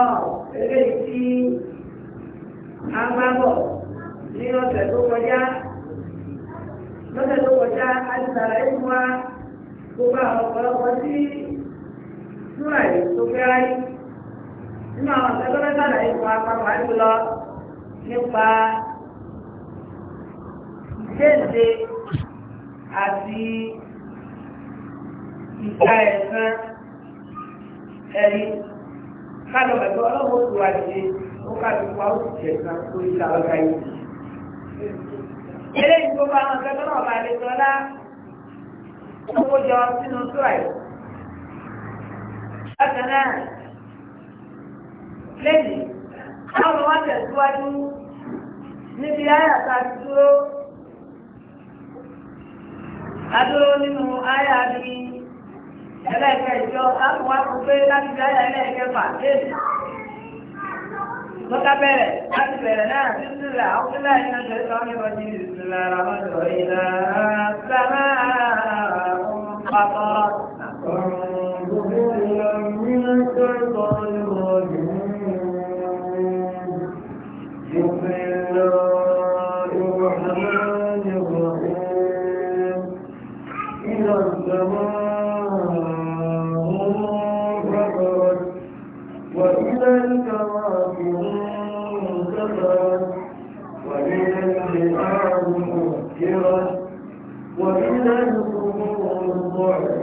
ọ̀ tí a bá bọ̀ ní ọ̀sẹ̀ tó kọjá lọ́sẹ̀ tó kọjá wa gbogbo àwọn ọ̀pọ̀lọpọ̀ tí yìí tó fẹ́ nínú àwọn ọ̀sẹ̀ tó fẹ́ kálọ̀ ẹ̀tọ́ ọlọ́wọ́ tó wá ṣe ó kájú pa ó sì ṣẹ̀sán tó ń ta ọjà yìí. eléyìí náà bá lè owó jọ sínú bákan náà lẹ́yìn tẹ̀síwájú níbi dúró adúró nínú ẹlẹ́ẹ̀kẹjọ láti wá fún pé láti fi ayé ẹlẹ́ẹ̀kẹfà léèrè lọ́ka bẹ̀rẹ̀ láti bẹ̀rẹ̀ náà títí rẹ̀ àwùjọ́lá iná ṣẹlẹ̀ tó ń bọ̀ jí ìsìn lára wọn lọ ìlà sábà pàtó. Thank you.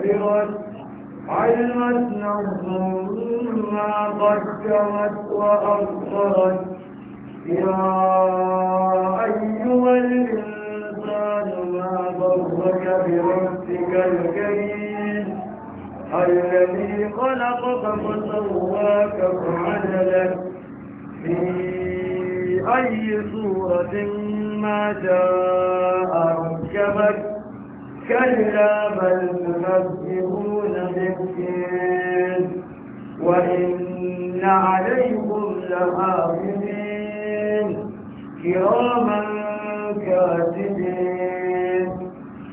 وكسرت علمت نفس ما قدمت وأخرت يا أيها الإنسان ما ضرك بربك الكريم الذي خلقك فسواك فعدلك في أي صورة ما جاء ركبك كلا بل تكذبون بالدين وإن عليكم لحافظين كراما كاتبين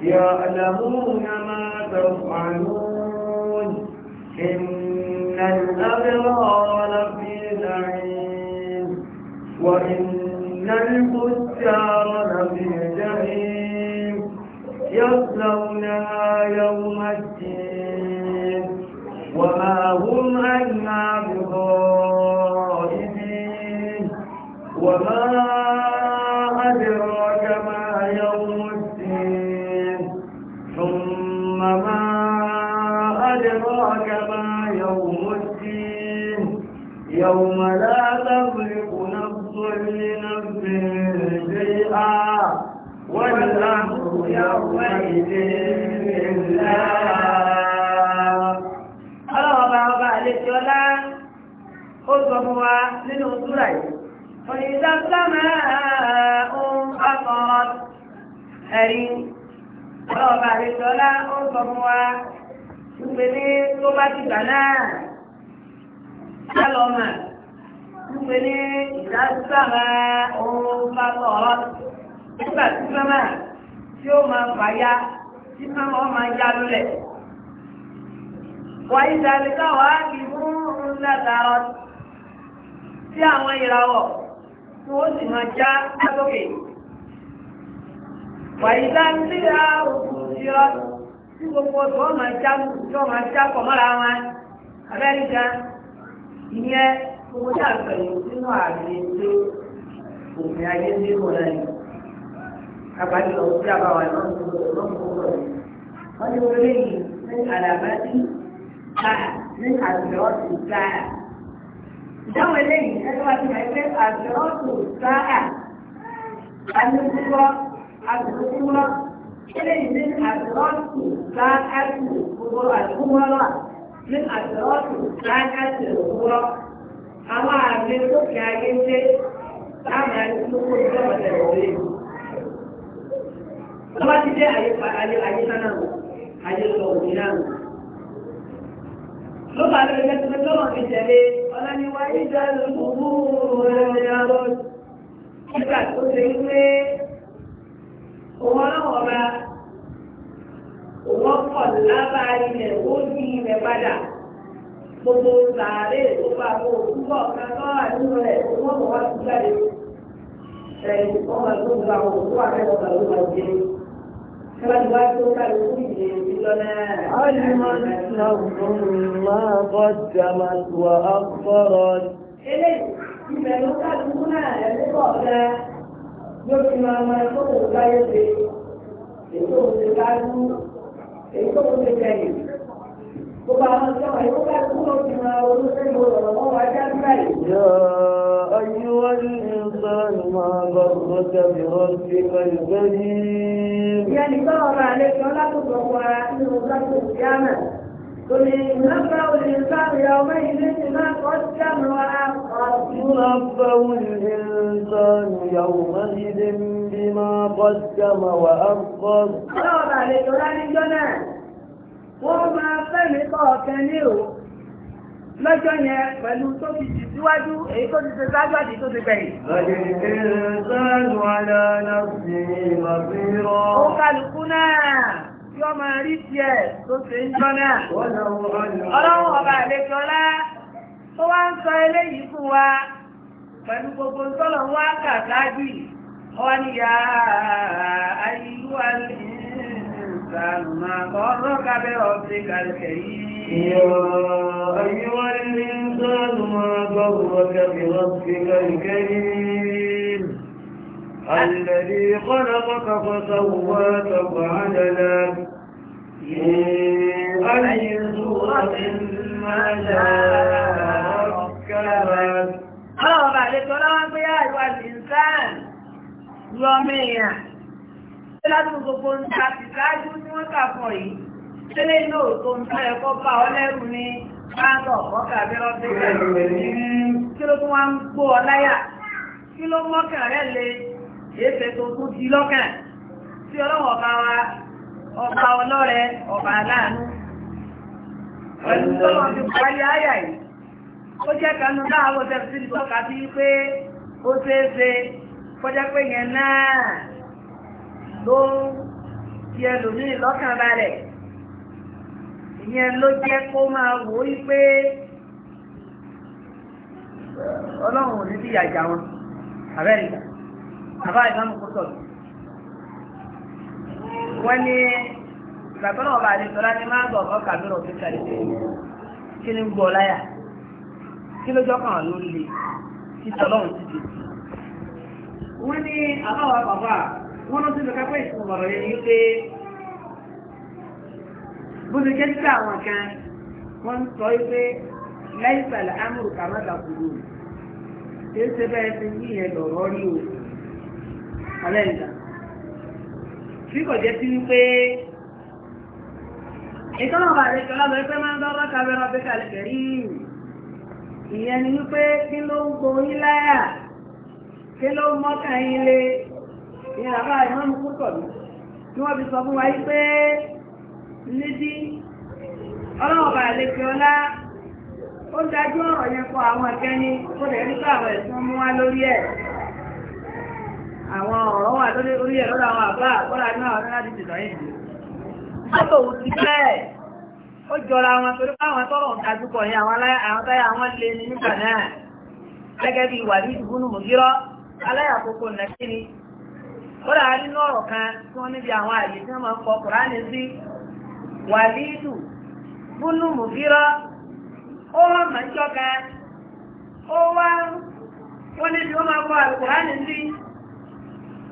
يعلمون ما تفعلون إن الأبرار لفي نعيم وإن الفتار يوم الدين súrà yìí wọ́n ní sábàmà ohun akọ̀rọ̀ ẹ̀rí ọlọ́ọ̀bà àdéṣọlá ó sọ fún wa ìpele tó bá ti gbà náà sálọ́mà ìpele ìdásàmà ohun akọ̀rọ̀ nígbà tí sábà tí ó máa fàyà tí sábà ó máa yá lulẹ̀ wàyí sàlẹ̀ káwàá kì í fún un látàrọ̀. sí àwọn ìràwọ̀ tí ó sì máa já lókè. Wàyíká sí ra òkú sí ọ tí gbogbo máa já tí máa já pọ̀ mọ́ra wọn. Abẹ́ríkà ìyẹn gbogbo tí a pẹ̀lú nínú àmì ètò òfin ayé ní ìmọ̀lá yìí. Àbájọ lọ sí àbáwá ìdáhùn eléyìí ẹgbẹ́ wa ti máa pé àjọ́ọ̀tò sáà alúgbúgbọ́ àgbúgbúgbọ́ eléyìí ní àjọ́ọ̀tò sáà gbogbo àgbúgbọ́ wà ní àjọ́ọ̀tò sáà gbogbo àwọn àmì sókè ayé ṣe láàmì àdúgbò ìjọba tẹ̀lé rẹ̀. Lọ́wọ́ ti dé àyè sáná àyè sọ òmìnira rẹ̀ ló bá lọ ilé tó lọ́wọ́ fi tẹ̀lé ọlọ́niwá ìjà lóko nígbà tó ṣe ń pé òun ọlọ́wọ́ ọba òun ọkọ̀ lábá ilẹ̀ ó di ilẹ̀ padà gbogbo sàárè tó bá kó túbọ̀ kankan wà nínú rẹ̀ òun ọkọ̀ wá sí jáde ẹ̀yìn ọmọ tó ń gba òun tó wà fẹ́ ọ̀gá ló máa jẹ wá tó ká lóko ìdílé. علمت نفس ما قدمت وأخبرت إليه إذا نقل هنا لقابلة يمكن ما يكون لا يدري يكون تجعله يكون تجعله يا أيها الإنسان ما غرك بربك الكريم يعني ضرب عليك ولا تضرب إنه ضرب القيامة قل ينبأ الإنسان يومئذ بما قدم وأخر ينبأ الإنسان يومئذ بما قدم وأخر ضرب عليك ولا نجنا wọ́n máa fẹ́mi kọ̀ọ̀kan ní o lọ́jọ́ yẹn pẹ̀lú tó ti jù síwájú èyí tó ti ṣe sáájú tó ti gbẹ̀yìn. tí ó máa rí tiẹ̀ tó ṣe ń jọ náà. ọlọ́run ọba àlejò ọlá tó wá ń sọ eléyìí fún wa pẹ̀lú gbogbo sọ́lọ̀ wá kà sáájú yìí. wọ́n ní yàrá ayélujára الإنسان ما غرك بربك الكريم يا أيها الإنسان ما غرك بربك الكريم الذي خلقك فسواك فعدلك في أي سورة ما شاء ركبك أرى بعد كلام يا أيها الإنسان لميع látún gbogbo ń ta sí ṣáájú tí wọ́n kà fún yìí tẹ́lẹ̀ iná òtò ń tọ́ ẹ̀kọ́ bá ọ lẹ́rù ní báńkọ̀ ọ̀kà bí wọ́n ti rẹ̀ kí ló tún wá ń gbó ọ láyà kí ló mọ́kàn rẹ̀ le èéfẹ́ tó tún di lọ́kàn tí ọlọ́wọ́ ọba wa ọba ọlọ́rẹ ọba aláàánú pẹ̀lú tọ́lọ́ ti parí áyà yìí ó jẹ́ kanú láàárọ̀ tẹ̀sí tọ́ka sí pé ó ṣeé ṣe kọjá pé yẹn náà ló ń fi ẹlòmíì lọ́kàn balẹ̀ ìyẹn ló jẹ́ kó máa wò ó pé ọlọ́run ní sí ìyàjà wọn àbẹ́rìkà àbá ìbámu kó sọ̀rọ̀ wọ́n ní ọba ni máa gbọ̀ ọ̀kọ́ kàdúrà òfin kí ni ń gbọ́ láyà kí ló jọ́kàn wọ́n ní àbáwọ̀ bàbá wọ́n ló tún lọ kápẹ́ ìtumọ̀rọ̀ yẹn ni pé bó ṣe jẹ́ títà àwọn kan wọ́n sọ pé láìsàlẹ̀ amúrù kàmáta kúrò kì í ṣe bẹ́ẹ̀ ti ní ìyẹn lọ̀rọ̀ rí o ọ̀lẹ́ ìgbà tí kò jẹ́ sí wípé ìtọ́nà ọba àrẹ ìṣọ́lá lọ pé máa ń dọ́rọ́ kábẹ́rọ́ bí kàlẹ́ kẹ̀rí ìyẹn ni wípé kí ló ń gbóyún láyà kí ló ń mọ́kàn ìyẹn àbá ìmọ̀mù púpọ̀ mi tí wọ́n fi sọ fún wa yí pé níbi ọlọ́wọ́ bá lè fi ọlá ó dájú ọ̀rọ̀ yẹn kọ àwọn akẹ́ni kó lè rí pé àwọn ẹ̀sùn mú wá lórí ẹ̀ àwọn ọ̀rọ̀ wà lórí orí ẹ̀ lọ́dọ̀ àwọn àbá àkọ́lá ní àwọn ọ̀rọ̀ láti dìtọ̀ yìí. mọ́tò wù sí bẹ́ẹ̀ ó jọra wọn torí báwọn tọrọ ń tajú kọ yẹn àwọn táyà àwọn lé ní nígbà náà gẹ́gẹ́ bí wàlíì ìbúnú mùgírọ́ kódà nínú ọ̀rọ̀ kan tí wọ́n níbi àwọn àyè tí wọ́n máa ń kọ kùránì sí wàlídù búnú mùfírọ́ ó wọ́n mọ̀ ń jọ́ka ó wá wọ́n níbi wọ́n máa ń kọ sí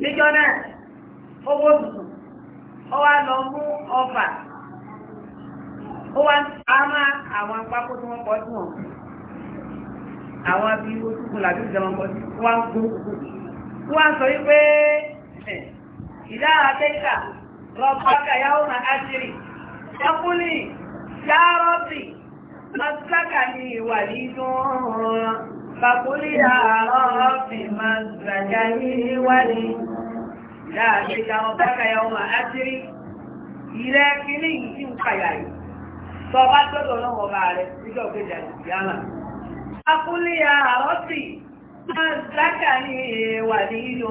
níjọ́ náà owó tuntun ó wá lọ mú ọfà ó wá á àwọn tí wọ́n sí wọn àwọn sọ wípé. إذا أتيت ربك يوم أجري يقول لي يا ربي مسكني وليد فقل يا ربي مسكني وليد إذا أتيت ربك يوم أجري ilẹ̀ kìíní yìí tí ń kàyà yìí sọ bá tọ́jọ́ náà wọ́n bá rẹ̀ nígbà òkèjà ìyáàmà. akúlé àárọ̀ sí máa ń dákà ní ìwà nínú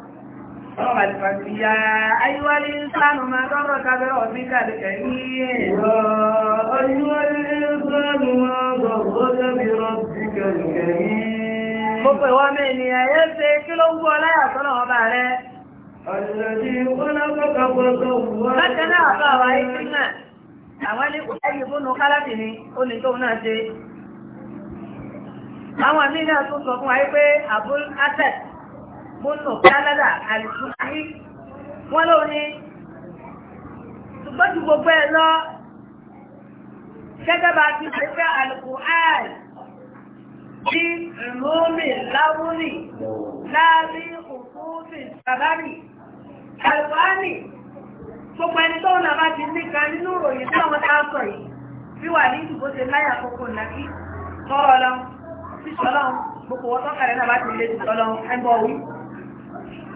Ọlọ́pàá ti fàtí ya ayúwálé sánú máa tọ́rọ tàbí ọ̀bí kàdé kẹ̀yí ẹ̀rọ. Ayúwálé sánú máa tọ́rọ tàbí ọ̀bí kàdé kẹ̀yí. Mo pè wọ́n mẹ́ ni ayé ṣe kí ló wú ọláyà tọ́lọ̀ ọba rẹ̀. Àjọ̀dí ìwọ́nà kọ́kọ́ àwọn ilé ni ó ní tóun náà ṣe. sọ fún wa pé Abul Asad bọ́nà káládà àlùfáàní wọ́n ló ní ṣùgbọ́n ju gbogbo ẹ̀ lọ gẹ́gẹ́ bá ti ṣe fẹ́ àlùkò áì bí ìmúmi láwúrì láàbí òkúùsì sàbárì àlùfáàní gbogbo ẹni tó ń nàbá ti ní kan nínú ìròyìn tí wọ́n ta sọ yìí bí wà ní ìdìbò ṣe láyà kókó nàkí tọ́rọ̀ lọ sí sọ́lọ́run gbogbo wọn tọ́kàrẹ́ nàbá ti lè sí sọ́lọ́run ẹgbọ́ wí.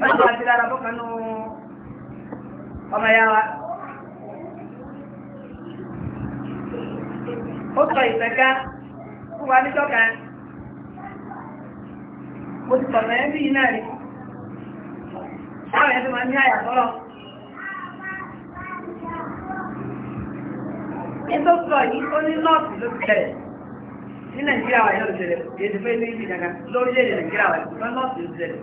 láti àti dára bọ́ kanú ọmọ ya wa ó sọ ìfẹ́ká fún wa níjọ́ kan mo ti sọ̀rọ̀ ẹ́ bí iná rí láwọn ẹ̀ tó máa ní àyàtọ́rọ̀ ètò sọ yìí ó ní nọ́ọ̀sì ló ti bẹ̀rẹ̀ ní nàìjíríà wà yóò ti èdè fẹ́ ní ìdí lórílẹ̀-èdè nàìjíríà wà yóò ti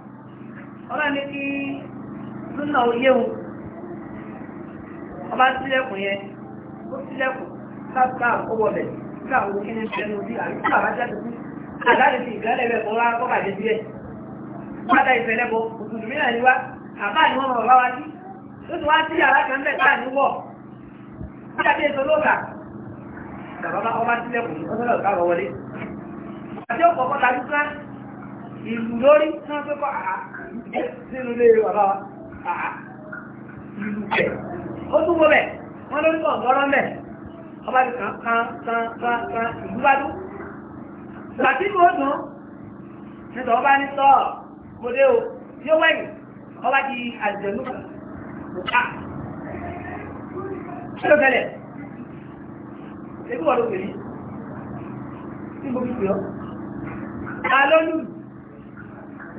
ọba ní kí lúnà oyé o ọba sílẹ̀kùn yẹn ó sílẹ̀kùn káàkà owó ọbẹ̀ kíkà owó kí ní ṣẹlẹ̀ ojú àríkà bá jáde sí àdáde sí rẹ̀ kọ́ wá kọ́ bàjẹ́ sílẹ̀kùn ọ̀sọ́lọ̀ ọ̀gá wọlé àti ọ̀pọ̀ kọ́ta dúkúrá ìlú lórí tí wọ́n kọ́ àá nínú ilé bàbá àá ìlú bẹ̀ ó tún wọ bẹ̀ wọ́n ló ń bọ̀ ọ̀gọ́rọ́ mẹ́ ọba ti kàn kàn kàn kàn kàn ìlú bá dún gbàtí kò dùn nítorí ọba ní sọ mo dé o yóò wẹ̀yìn ọba di àjẹ̀lú kan kò ká kí ló fẹ́lẹ̀ ebi wọ́n ló pè mí tí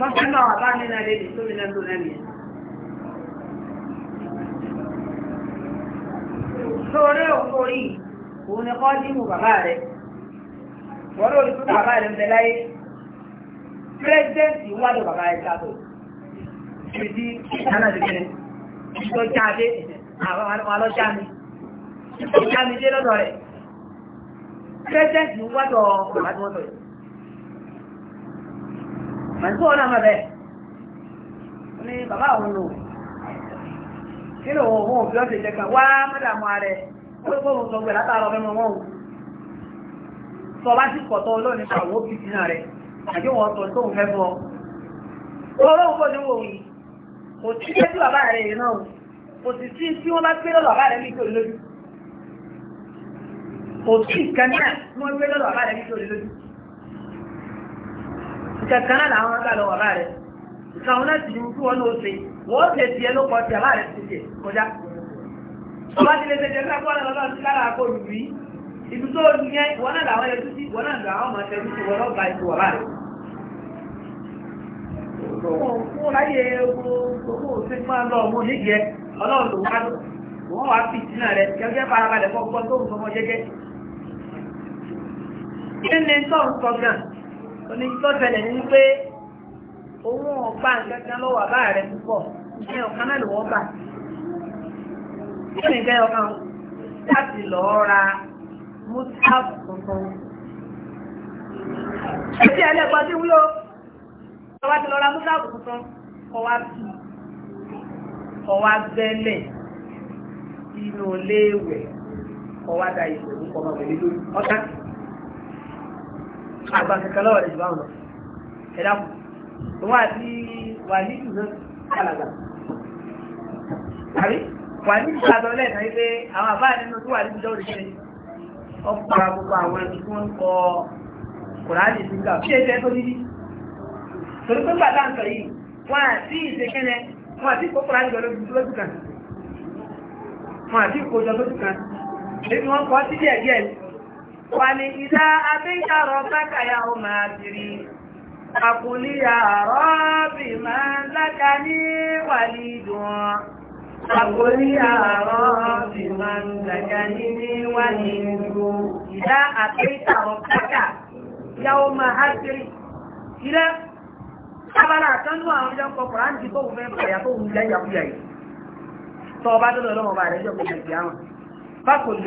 Bọ́sẹ́ńdà wà bá nínú ẹ̀rẹ́ ìdí tó mi lẹ́nu lẹ́nu yẹn. Sọ̀rọ̀ òkú orí òun ni kọ́ dínú bàbá rẹ̀. Wọ́n lórí tó bàbá rẹ̀ ń bẹ láyé. Pírẹ́sidẹ́ǹtì ń wádùn bàbá rẹ̀ sábò. Ìdí ìdáná ti bẹ̀rẹ̀. Ìjọba adé àwọn alọ́jà mi. Ìjọba mi dé lọ́dọ̀ rẹ̀. Pírẹ́sidẹ́ǹtì ń wádùn bàbá tí wọ́n sọ̀rọ̀ màtó mọ̀ ní bàbá òun lò kí ló wọ òun òbí ọ̀sẹ̀ jẹ̀kan wá mọ́dàmú ààrẹ ó gbọ́ òun látàrọ mẹ́mọ wọn o sọ bá sì pọ̀ olóòní pa òun ó fi rẹ̀ àbí wọn sọ tóun fẹ́ fọ́ olóòun kò ní wò yìí kò sí pé tí bàbá rẹ̀ yìí náà kò sì sí tí wọ́n bá gbé lọ́dọ̀ bàbá rẹ̀ nítorí lójú kò sí ìkànnì wọ́n gbé lọ́dọ̀ bàbá rẹ̀ nítorí lójú nke náà làwọn ọ̀gá lọ bàbá rẹ̀ nǹkan wọn náà sì ní kí wọn náà ti ṣe kọjá. ọba ti lè ṣẹ̀ṣẹ̀ fẹ́ kọ́ra lọ́dọ̀ sí lára kó lù rí ibi tó lù yẹn ìwọ náà làwọn ẹlẹ́tú sí ìwọ náà làwọn ọmọ ẹlẹ́tú sí ìwọ náà gba ìtò bàbá rẹ̀. mo láyé owó onítọ́sẹ̀lẹ̀ ní pé owó ọ̀pá nǹkan lọ́wọ́ àbá rẹ̀ púpọ̀ ní ọ̀kan náà lọ́wọ́ bà tí ní ìgbẹ́ ọkàn láti lọ ra mustaf tuntun ẹtí ẹlẹ́gbọ́n tí wúlò ọwá ti lọ ra mustaf tuntun ọwá tù ọwá bẹ́lẹ̀ inú léèwẹ̀ ọwá da ìṣèlú kọmọ pẹ̀lú ọ̀tá àgbà kankan lọ́wọ́ rẹ̀ báwọn ẹ̀dá kù wọ́n àti wàlíù náà kàlàgbà àrí wàlíù kàlàgbà lẹ́ẹ̀ta yìí pé àwọn àbá nínú tó wàlíù jọ òrìṣẹ́ ọ̀pọ̀ gbogbo àwọn ẹni tí wọ́n ń kọ kùránì sí gbà bí ẹgbẹ́ tó níbi torí pé gbàdá ń sọ yìí wọ́n àti ìṣekẹ́nẹ wọ́n àti kó kùránì jọ lójú kan wọ́n àti ìkójọ lójú kan èyí wọ́n kọ́ sí díẹ̀ díẹ̀ ولإذا أتيت ربك يوم ya فقل يا رب ما لكني وليد فقل يا رب من لكني وليد إذا أتيت ربك يوم أجري إذا abala àtọ́nú àwọn ọjọ́ kọkùnrin àti tó wùfẹ́ bàyà tó wùfẹ́ yàkúyà yìí tọ́ ọba tó lọ́wọ́ bá rẹ̀ jọ́ kọkùnrin àwọn bákòlì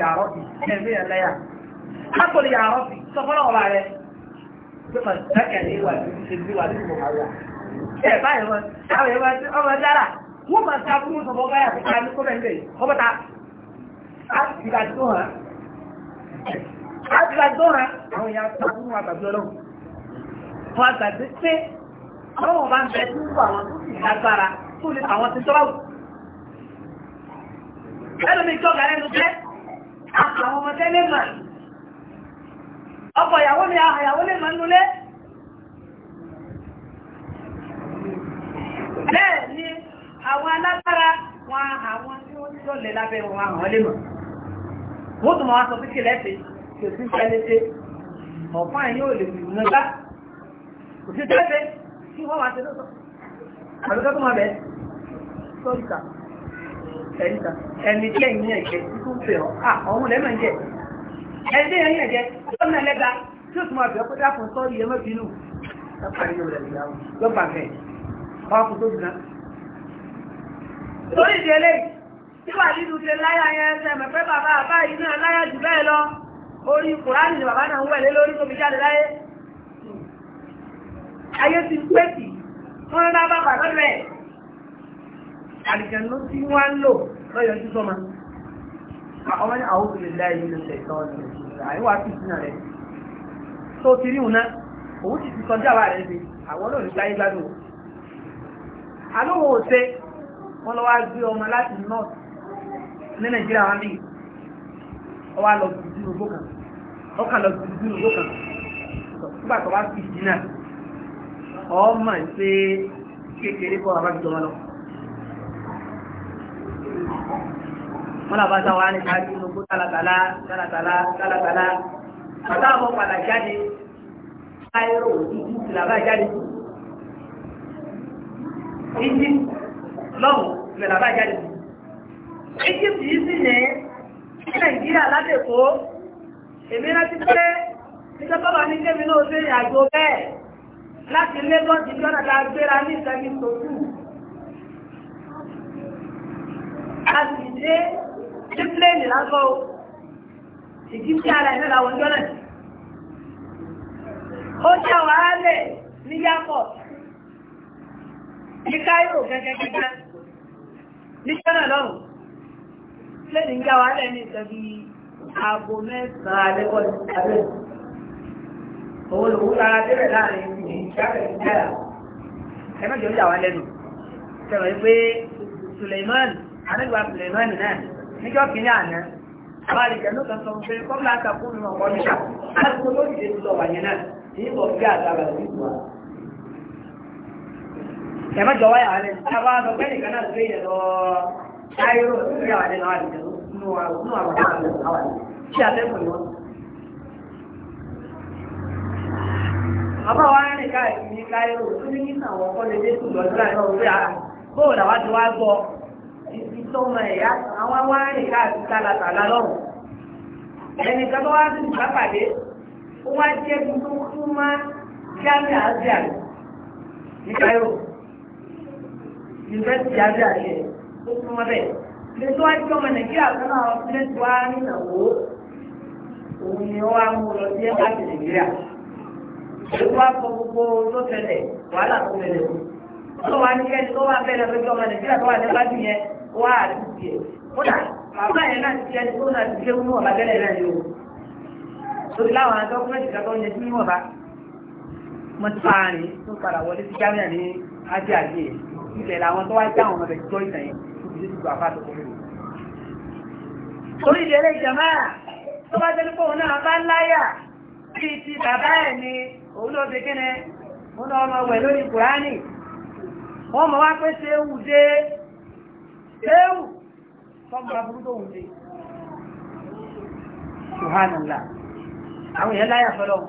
akọlẹ̀ yà rọ́ọ̀sì sọ fọ́nà ọba rẹ̀ pé mà dákẹ́lẹ́ ìwà ìṣèlú wà nínú àwà ẹ̀ báyìí wọn àwọn èèyàn ti ọmọ dára wọ́n máa ta fún ọmọ báyà fún ká ní kọ́mẹ́ńdé ọmọ ta á ti ga tó hàn á ti ga tó àwọn èèyàn ta fún wa tàbí wà wọn tó sì lágbára tó lè àwọn ti tó jẹ́ ọmọdé ọkọ ìyàwó ni àyàwó ah, lè mọ́ nulẹ̀ bẹ́ẹ̀ ni àwọn alágbára wọn àwọn tí ó ní lọ́lẹ̀ lábẹ́ wọn àwọn lè mọ̀ wọ́n tún máa sọ sí kí wọ́n wá sí ẹni tí ẹ̀yìn ẹ̀jẹ̀ tó ń pè ọ́ àwọn ọmọ lẹ́mọ̀ ẹ̀jẹ̀ ẹni tí ẹ̀yìn ẹ̀jẹ̀ lọ́nà ẹlẹ́gbà tí ó tún máa bẹ̀ pé dákun sọ́ọ́rì ẹ mọ́bìnú lápàdé yóò rẹ̀ níyàwó ló bà bẹ́ẹ̀ ọkù tó dùn náà. torí ìdí eléyìí tí wà nínú ṣe láyà yẹn ṣe mẹ́fẹ́ bàbá àbá yìí náà láyà jù bẹ́ẹ̀ lọ orí kùránì ni bàbá náà ń wẹ̀lé lórí tóbi jáde láyé. ayé ti pé kì wọ́n ń rábà bà lọ́dọ̀ ẹ̀. àlìjẹ̀nu tí wọ́n ń lò lọ́yọ̀ọ́jú sọ́mà. ọmọ ní àwọn òbí lè láyé nínú ṣe ìtọ́jú àìwá sí ìsinà rẹ̀ tó ti rí òun òun sì ti kọjá wa rẹ̀ ṣe àwọn olóòrùn gbáyé gbádùn o alówó òṣè wọn lọ wá gbé ọmọ láti north ní nàìjíríà wọn bí ọwá lọ gbùdú ní ogbó kan ọkàn lọ gbùdú ní ogbó kan nígbà tó bá fi ìdínà ọmọ ìṣe kékeré bọ́ àbájọ wọn lọ. mọ́làbáta wa ní káàdì olóko tálátálá tálátálá tálátálá bàtà àbọ̀ padà jáde káyọ̀rọ̀ òtútù ìlàbá jáde ìdí lọ́wọ́ ìlàbá jáde Egypt yìí sì ní Nàìjíríà ládèkó èmi rántí pé ìjọba bá ní kémi náà ṣe ìrìnàjò bẹ́ẹ̀ láti Lagos ìjọ náà la gbéra ní ìsẹ́mi tòkù. A sì dé ṣé pílẹ̀nì lásán o ìdí tí ara ẹ̀ lọ́la wọ́njọ́ náà ó ṣe wàhálẹ̀ ní yàpọ̀ ní káírò gẹ́gẹ́gẹ́gẹ́ ní ṣọ́nà lọ́rùn pílẹ̀nì ń já wàhálẹ̀ ní ìtọ́jú aago mẹ́sàn-án alẹ́kọ̀ọ́ ní ìtàlẹ́ òun lòun lára débẹ̀ láàrin ìjábẹ̀ ìjára ẹ mẹ́jọ ń jà wá lẹ́nu náà níjọ́ kìíní àná àwọn àlejò ló kàn sọ pé kọ́ńtà àtàkùn nínú ọ̀pọ̀ níta láti kó lórí ìdè lọ wàyẹn náà èyí bọ̀ bí àtàrà rẹ̀ nínú wa. ẹ̀mọ́ jọ wáyà rẹ̀ táwa lọ pé nìkan náà gbé yẹn lọ táyọ̀ sí àwọn àlejò àlejò nínú àwọn àwọn àti àtẹ́kùn ni wọ́n. àbá wa rìn káàkiri káyọ̀ tó ní kí àwọn ọkọ̀ lè dé sùn lọ́dún láì náà wọ́n ah, pé bóòlù ti wá gbọ́ tó mọ ẹ̀yà àwọn wá rìn káàkiri tálátàlá lọ́rùn ẹni kan tó wá sí ìbápàdé ó wá jẹ́ ibi tó kú má jáde àásíà ní Cairo yunifásitì àásíà ṣe ó kú mọ́ bẹ́ẹ̀ ilé tó wá jẹ́ ọmọ Nàìjíríà kan náà ilé tó wá nínàwó òun ni ó wá mú lọ sí ẹ̀ka Nàìjíríà èyí wá kọ gbogbo tó tẹ̀lé wàhálà tó tẹ̀lé o tó wà ní kẹ́ni tó wà bẹ́ẹ̀ lọ́jọ́ ọmọ nàìjíríà tó wà ní wájú yẹn wà á ti tiẹ̀ kódà bàbá yẹn náà ti tiẹ̀ tó náà ti tiẹ̀ wúmọ̀ bá tẹ́lẹ̀ náà yóò torí láwọn dọ́kúmẹ́ntì kan tó ń yẹ sí wọ́n bá mo ti máa rìn tó padà wọlé sí jámíà ní ajé àgbè ilẹ̀ làwọn tó wá jẹ́ àwọn ọmọ rẹ̀ jọ ìtàn yẹn tó fi dúdú àbá tó kọ́lé. torí ìdílé ìjàmbá òun náà bá láyà bíi ni òun ló ṣe ọmọ wẹ̀ lórí kùránì wọ́n mọ̀ wá pé ṣe ewu dé ewu tọ́gbà burú tó wùdé ṣùhánàlá àwọn èèyàn láyà fọ́lọ́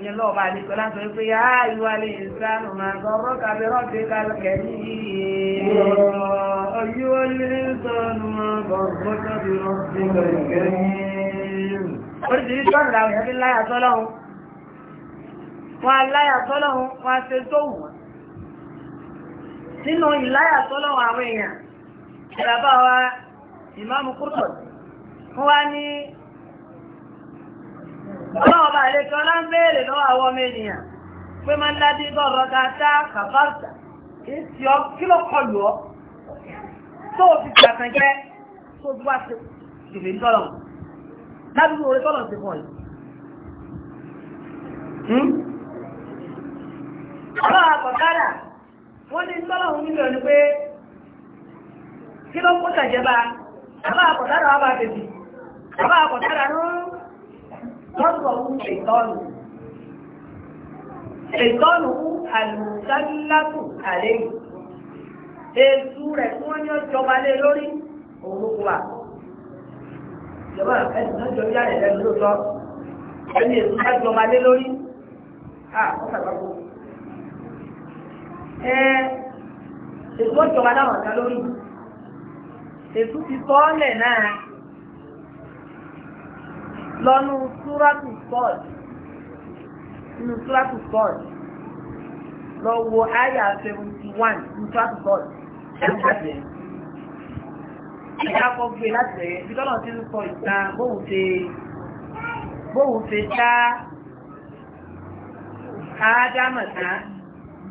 ìyẹn lọ́wọ́ bá lè sọ láti pé yá ìwà lè sánù máa sọ̀rọ̀ kàbí rọ́ọ̀tì kálùkẹ́ ní ọ̀yọ́ lè sánù máa sọ̀rọ̀ kàbí rọ́ọ̀tì kálùkẹ́ ní oríṣiríṣi ọ̀nà làwọn èèyàn fi láyà sọ́lọ́hún wọn láyà sọ́lọ́hún wọn ṣe tó wù wọn nínú ìláyà tọ́lọ́wọ́ àwọn èèyàn ìràbá wa ìmáàmù kúrò fún wa ní ọlọ́ọ̀bà àlejò ọlọ́m̀bèèrè lọ́wọ́ àwọn ọmọ ènìyàn pé máa ń dájú ìgbọ̀rọ̀ dáadáa kàfáàsà ìsì ọ kí ló kọlù ọ tó o fi gbàkan jẹ tó o wá sí ìwé tọ́lọ̀ lábúrú orí tọ́lọ̀ ti pọ̀ yìí. Hmm? ọlọ́wọ́ àkọ́kádà wọ́n ní tọ́lọ̀hún nílò ní pé kí ló kó tàjẹba àbá àkọ̀tára wà bá bèbì àbá àkọ̀tára rú lọ́sọ̀ ohun ṣètọ́nù ṣètọ́nù àlùsánlápù àlẹ́yìn èsù rẹ̀ tí wọ́n ní ọjọba lé lórí òun ló wà ìjọba ẹ̀sìn náà jọ bí àrẹ̀ lẹ́nu ló ẹni èsù bá jọba lé lórí ah ẹ èso ìjọba dáwọn ọ̀gá lórí èso ti sọ ọ́lẹ̀ náà lọ́nu súrátù sọ́ọ̀tì nínú súrátù sọ́ọ̀tì lọ́wọ́ àyà seventy one nínú súrátù sọ́ọ̀tì ẹ̀ẹ́dẹ́gbẹ̀rẹ̀ ẹ̀yà kọ́ gbé láti ẹ̀yẹ́ bí lọ́nà tí ń sọ ìta bóhùn ṣe bóhùn ṣe dá ádámọ̀ náà.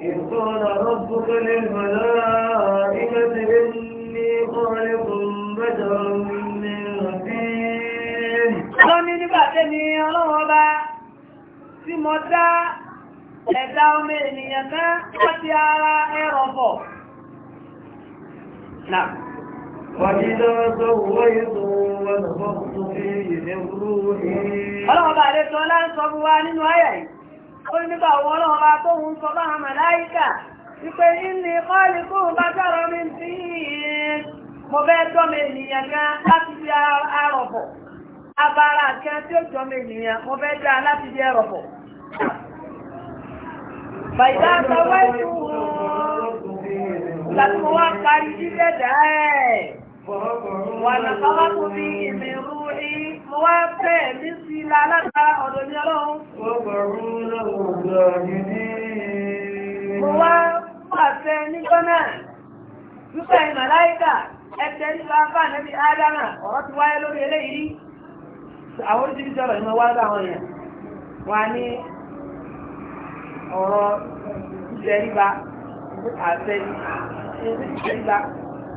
إذ قال ربك للملائكة إني خالق بشرا من طين Ọlọ́ni nígbà tẹ́ni ọlọ́wọ́ bá tí mo ẹ̀dá ọmọ ènìyàn láti ara Wàjídá lọ́pọ̀ tó fi ìrìn lè sọ wa nínú yìí. ó nígbà wọn ọlọ́run bá tó ń sọ báwọn màláìkà wípé ní kọ́ọ̀lì kó bá sára mi sí mo bẹ́ dọ́mọ ènìyàn gan láti fi àrọ̀bọ̀ abara kan tí ó jọmọ ènìyàn mo bẹ́ dá láti fi àrọ̀bọ̀. bàyá sọ wáyé láti mo wá parí dídẹ̀dà ẹ̀. Wàlá kọ́lá kò fi ìmì rúrí, mo wá fẹ́ ní sí lálágbà ọ̀dọ̀ ní ọlọ́run. Mo wá pàṣẹ ní Gọ́nà, Júpẹ́ ìmàláìkà, ẹ̀tẹ́ nípa bá nẹ́bí Ádámà, ọ̀rọ̀ ti wáyé lórí eléyìí. Àwọn oríṣiríṣi ọ̀rọ̀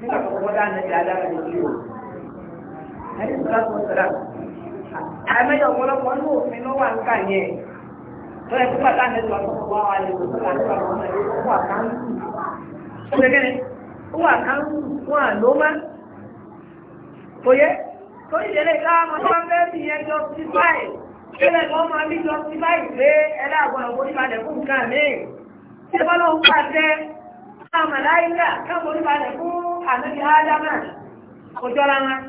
nígbà tó kọ́kọ́ dá ànàbì adára ní kí o ẹni tó láti wọ́n sọ̀rọ̀ àmẹ́yọ̀ ọ̀pọ̀lọpọ̀ ní òfin ló wà nígbà yẹn tó yẹ nígbà tá ànàbì wọn kọ́kọ́ wá wà lè wò fún àti àwọn ọmọ ẹ̀yọ́ wà káńtù ó lè kẹ́ni ó wà káńtù wọn à ló má kò yẹ tó ìdílé káwọn ọmọ tó bá fẹ́ fi yẹn jọ sí báyìí kílẹ̀ kan máa bí jọ sí báyìí pé ẹlẹ́àgbọ̀n àwọn oníbalẹ̀ fún nǹkan mi ṣé bọ́lá ń pàṣẹ káwọn màláyíkà káwọn oníbalẹ̀ fún ànábì ádámà bụ wọn.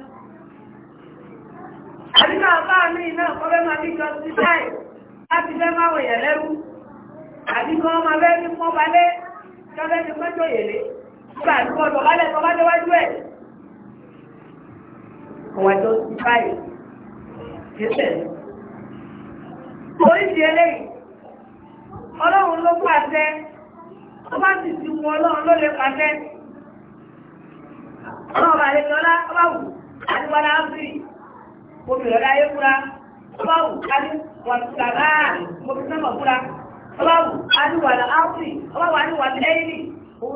àdínà bá mi náà kọ́ máa bí kan sí táì láti fẹ́ máa lẹ́rú ti yèlé wájú ẹ̀. ti báyìí ọlọ́run ọba àlejò ọlá ọba wù àdúgbọ́lá áfírì obìnrin ọlá ayé fúra ọba wù àdúgbàgbà mọ̀bí sọ́mọ̀ fúra ọba wù àdúgbàlá áfírì ọba wù àdúgbàlá ẹ́yìnì òun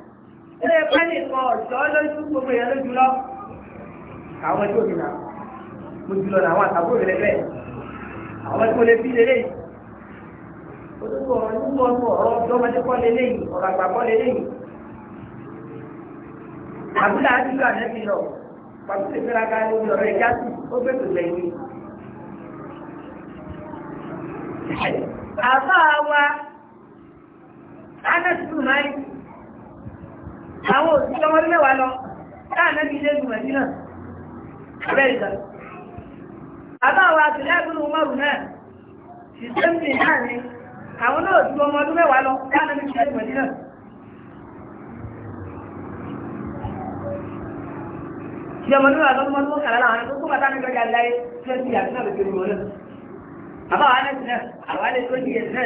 ṣé pẹ́lú nǹkan ọ̀jọ́ lójú gbogbo èèyàn lójú lọ. àwọn ẹjọ́ mi náà mo jùlọ ní àwọn àtàkùn rẹ̀ bẹ́ẹ̀ àwọn ẹjọ́ lè fi lélẹ̀ olùkọ́ olùkọ́ ọ̀rọ̀ kọ́ lélẹ́yìn ọ̀rọ̀ àgbà lélẹ́yìn àbúlà àdúgbò ànẹ́bí lọ pàtó ìfẹ́raka ní ọ̀rọ̀ ẹ̀já sí ó bẹ̀rẹ̀ lẹ́yìn. àbá wa anẹ́sùn náà àwọn òṣìṣẹ́ wọn mẹ́wàá lọ láàánú ti dé gbùmọ̀ sí náà abẹ́rẹ́ ìgbà àbáwọn àtìlẹ́ ìgbìmọ̀ márùn náà ti dé mi náà ni àwọn náà ti ọmọ ọdún mẹ́wàá lọ láàánú ti dé gbùmọ̀ sí ìjọ ọmọ níwà lọ́dún mọ́tún mọ́kànlá láwọn ẹni tó kó bàtà nígbà jáde láyé tí wọ́n ti yàtọ̀ náà lókè ìmọ̀ náà àbáwọn náà àwọn alẹ́ tó yẹ náà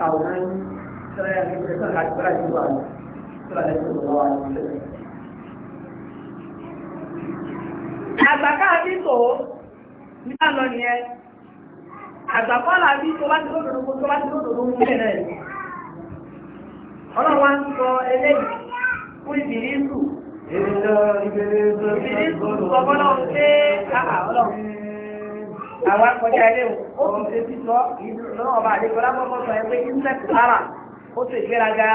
kawanan sarari da kan hajjara zuwa sura da su zuwa àgbàká àbí tó ní àlọ́ ni ẹ àgbàkọ́ làbí tó bá ti lódòdó tó bá ti lódòdó mú lẹ́nà ẹ̀ ọlọ́wọ́ ń sọ eléyìí fún ìbìrìsù ìbìrìsù sọ pé àwọn akọjá ilé òun ṣe ti sọ lọ́wọ́ ọba àdékọ́ lábọ́kọ́ sọ ẹgbẹ́ insect para ó sì gbéraga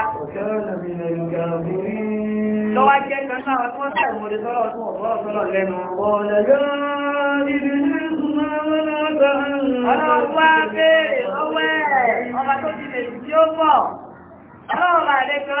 lọ́wọ́ jẹ́ kan náà tí wọ́n sẹ́wọ̀n mọ̀lẹ́ sọ́rọ̀ tí wọ́n sọ́rọ̀ sọ́rọ̀ lẹ́nu ọ̀nà ọlọ́wọ́ bèèrè ọwọ́ ẹ̀ ọba tó ti lè tí ó bọ̀ ọlọ́wọ́ àdékọ́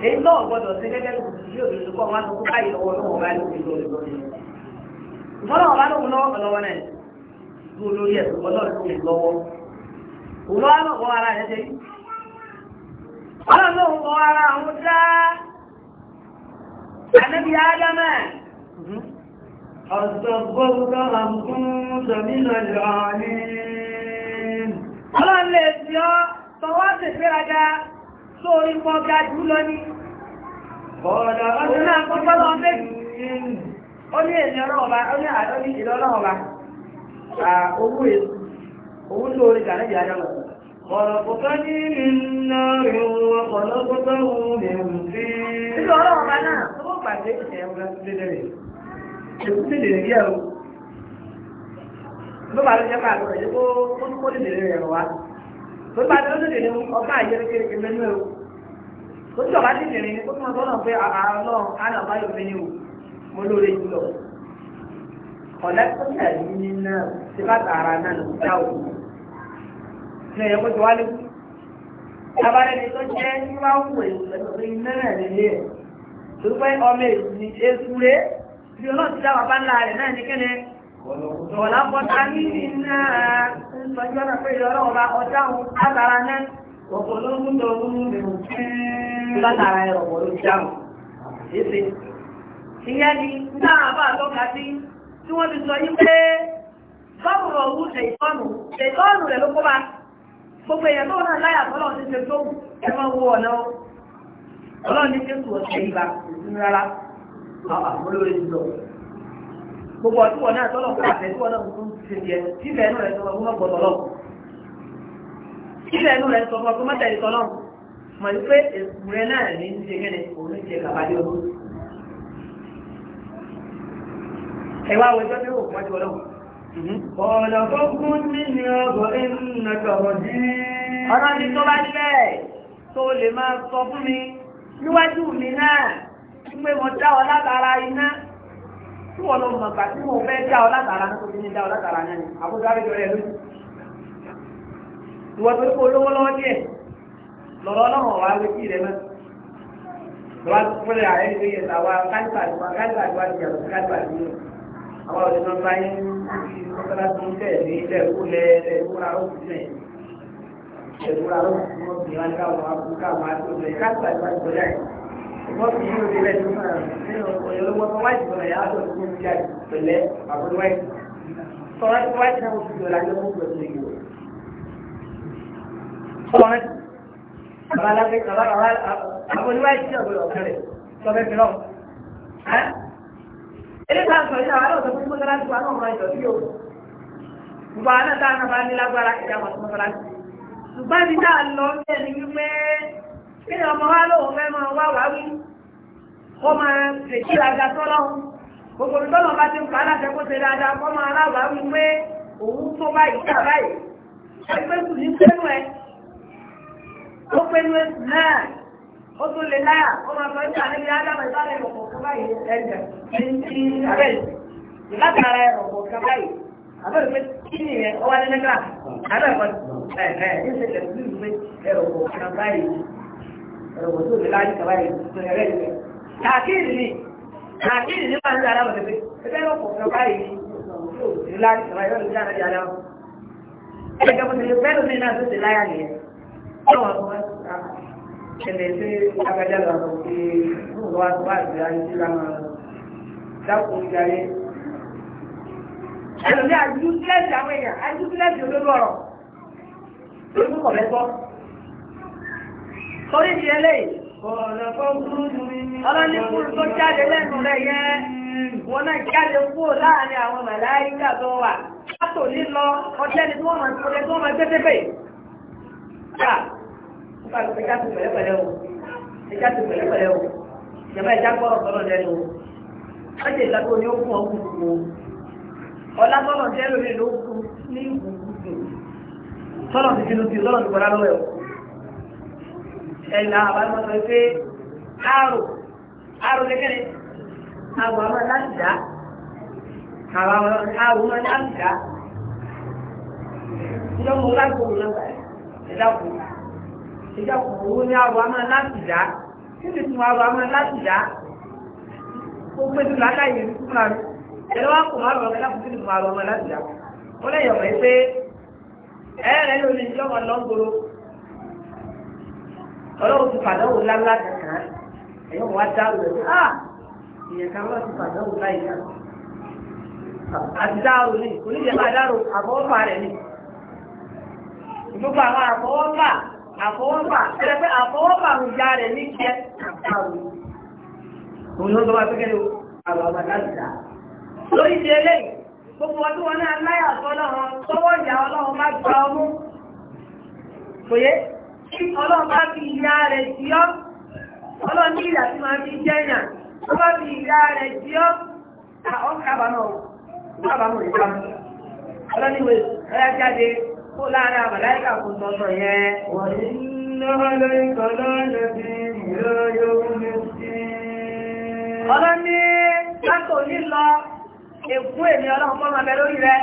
èyí náà gbọ́dọ̀ sí gẹ́gẹ́ bí yóò lè àmúkún tọwọ́ fẹ́ra tó orí pọ́ ga jù lọ ní ọ̀dọ̀ ọdún náà kọ́kọ́ lọ ní èdè ní àdó ní ìlú ọlọ́ọ̀bá owó èso owó tó orí gà lẹ́yìn àjọ náà, ó pàdé ìṣẹ̀wọ̀n lẹ́sílẹ̀ tó bá tó tó dèrè ọba àyẹrẹ kékeré mẹ́nu ẹ̀ o tó tó bá ti dèrè ni kó tó tọ́nà pé àlọ́ àná báyọ̀ mi ni o mo lóore yìí lọ. kọ̀lẹ́kọ̀tà yìí náà ti bá tààrà náà ló dá o. ṣe ẹ̀yẹ́ kó ti wálé kú. abalẹ̀ ni tó jẹ́ níwá wù ẹ̀ lọ́sọ̀rọ̀ iná náà lélẹ̀ ẹ̀ tó pẹ́ ọmọ èsì èsùré bí ọlọ́ọ̀tì dá wà bá ńlá rẹ̀ náà ní kẹ́ni Ọ̀lá pọ̀ta ní iná ìfẹ́jọ́ pé ìrọ̀lọ́ ọba ọjá òun látara náà, ọ̀pọ̀ ló ń dọ̀ ọdún lè mú kí látara ẹ̀rọ̀pọ̀ ló jáun. Èsè. Ìyẹ́ ni náà bá tọ́ka sí tí wọ́n ti sọ yí pé gọ́ọ̀rọ̀ owó ṣèkọ́nù ṣe tó gbogbo ọdúnwọ̀ náà tọ́lọ̀ fún àfẹ́ tí wọ́n náà tún ṣe yẹ tí ilẹ̀ inú rẹ̀ sọ fún ọgbọ̀n tọ́lọ̀ ilẹ̀ inú rẹ̀ sọ fún ọgbọ̀n mọ́tẹ̀lì tọ́lọ̀ mọ̀ ní pé èsù rẹ̀ náà ní ń ṣe kẹ́ni òun ṣe kàbálẹ̀ ọdún ẹ wá wọjọ́ tí ó wọ́n ti ọlọ́run ọ̀nà fọ́kún nínú ọgbọ̀n ìnàkà ọ̀dí ọ̀nà ni tó bá bẹ́ẹ̀ tó lè máa sọ fún mi níwájú mi náà wípé mo dá ọ látara iná tí wọ́n lọ mọ̀ gbà tí mo fẹ́ dá ọ látara ní kòtò ní dá ọ látara náà ni àbúrò àbẹjọ rẹ lójú ìwọ tó kó lówó lọ́wọ́ díẹ̀ lọ́rọ́ náà wà á létí rẹ mẹ́ta lọ́wọ́ fúnlẹ̀ ààrẹ ní ìyẹn tàwa káńtà àdúrà káńtà àdúrà ti yàtọ̀ káńtà àdúrà àwọn ọ̀dọ́ náà bá yín fi kọ́kọ́lá tó ń tẹ̀ ní ilẹ̀ ìwúlẹ̀ ìwúra ó fi wọ́n fi yíyó dé lẹ́nu nínú ìyọlọ́wọ́ tó wáìtì bọ̀lẹ̀ yà á tó tó ti jáde pẹ̀lẹ́ àbúrò wáìtì. Sọ wáìtì wáìtì náà wọ́n fi jọ̀lá ní ọmọ ìgbà tó yẹ wọ̀. Sọ̀rọ̀ bàbá alábẹ́ bàbá bàbá àbúrò wáìtì náà bọ̀lẹ̀ ọ̀kẹ́rẹ̀ lọ́bẹ̀ fi lọ. Ilé ta sọ yìí àwọn ọ̀sán fún mọ́sálásí wa náà máa jọ sí òkú. Gbogbo àwọn náà táwọn náà bá ní lágbára ìjà ọmọ wa lóun fẹ́ máa wá wá wí kó máa fèsì àga tọ́lọ́hún gbogbo tọ́lọ́ bá ti ń pa aláṣẹ kó ṣe dáadáa kó máa láwà wí pé òun tó báyìí kà báyìí ẹgbẹ́ kù ní pẹ́nu ẹ ó pẹ́nu ẹ̀sùn náà ó tún lè láyà ó máa sọ ìgbà níbi ádámọ̀ ìbálẹ̀ ìrọ̀pọ̀ kan báyìí ẹ̀jẹ̀ ní ti abẹ́lẹ̀ pé kí ni ẹ̀ ọwọ́ adẹ́lẹ́gbà àbẹ̀rẹ̀ pẹ̀lú ẹ̀ ẹ̀ ń ṣe tẹ̀síwì pé ìrọ̀pọ̀ báyìí ẹ̀rọ tó lè láyé kaba yìí tó yẹ rẹ̀ yìí. Kàkíìrì ni ni máa ń dára wọ̀lẹ̀ pé ẹgbẹ́ yóò kọ̀ ọ̀kan báyìí tó lè láyé kaba yìí lọ́dún yára yára. Ẹ̀jẹ̀ kò tẹ̀lé bẹ́ẹ̀ lómi náà tó ti láyà nìyẹn. Ọ̀wọ̀ àwọn ẹ̀lẹ̀ tí agbájá lọ àwọn òkè lóòrọ̀ wa tó bá àgbẹ̀ ayé tí lámà torí ti eléyìí ọlọ́ni tó jáde lẹ́nu rẹ̀ yẹn wọn náà jáde kúrò láàrin àwọn màláíkà tó wà látò lílọ ọjẹ́ ni tí wọ́n máa tọ́lẹ̀ tí wọ́n máa gbé pépè. Ṣá nípa ìgbà ẹja pẹ̀lẹ́pẹ̀lẹ́ o ẹja ti pẹ̀lẹ́pẹ̀lẹ́ o ìjọba ẹja gbọ́rọ̀ sọ́rọ̀ lẹ́nu o wọ́n jẹ́ ìlànà òní ogún ọkùn gbogbo ọ̀la sọ́rọ̀ jẹ́ lórí ìlú ní ìgbùgbùgbù sọ́rọ̀ ti fi lu ti ti kọ́ra lọ́wọ́ ẹ̀là àbámọ́sọ pé àrò àrò kékeré àgbà ọmọ láti dá àrò ọmọ láti dá ìjọba láti gbogbo náà ẹ̀dàkùn ìjọkùn owó ní àrò ọmọ láti dá kíni fún àrò ọmọ láti dá ó gbé tó láláyé fún àrò ẹ̀rọ wa kò má lọ ọmọ láti kíni fún àrò ọmọ láti dá ó lẹ́yìn ọ̀rẹ́ pé ẹ̀rẹ́ lórí ìjọba lọ́gbọ̀rọ̀ ọlọ́run ti fàdánwò ńláńlá kankan ẹ̀yọ́ wa dáhùn rẹ̀ á ah! ìyẹn kan lọ́ọ́ ti fàdánwò láì náà àti dáhùn ní oníjẹ́ máa dáhùn àfọwọ́fà rẹ̀ ni gbogbo àwọn àfọwọ́fà àfọwọ́fà ẹ̀rẹ́ pé àfọwọ́fà ń ya rẹ̀ ní jẹ́ àdáhùn òun ló sọ wá pé kẹ́lẹ́ àwọn àbàdàgbà lórí ti eléyìí gbogbo ọdún wọn náà láyà sọ́lọ́run tọ́wọ́ ìyá ọlọ́run má gba ọmú kò yé tí ọlọ́run bá fi ìyá rẹ̀ sí ọ́ ọlọ́run ní ìyá tí máa fi jẹ́yà tó bá fi ìyá rẹ̀ sí ọ́ ọ́ kábàámọ̀ kábàámọ̀ ìjọba ọlọ́run ìwé ọlá jáde kó lára àbàláìkà kò tọ̀tọ̀ yẹn. wọ́n nílọ èkú èmi ọlọ́run kọ́ máa lórí rẹ̀.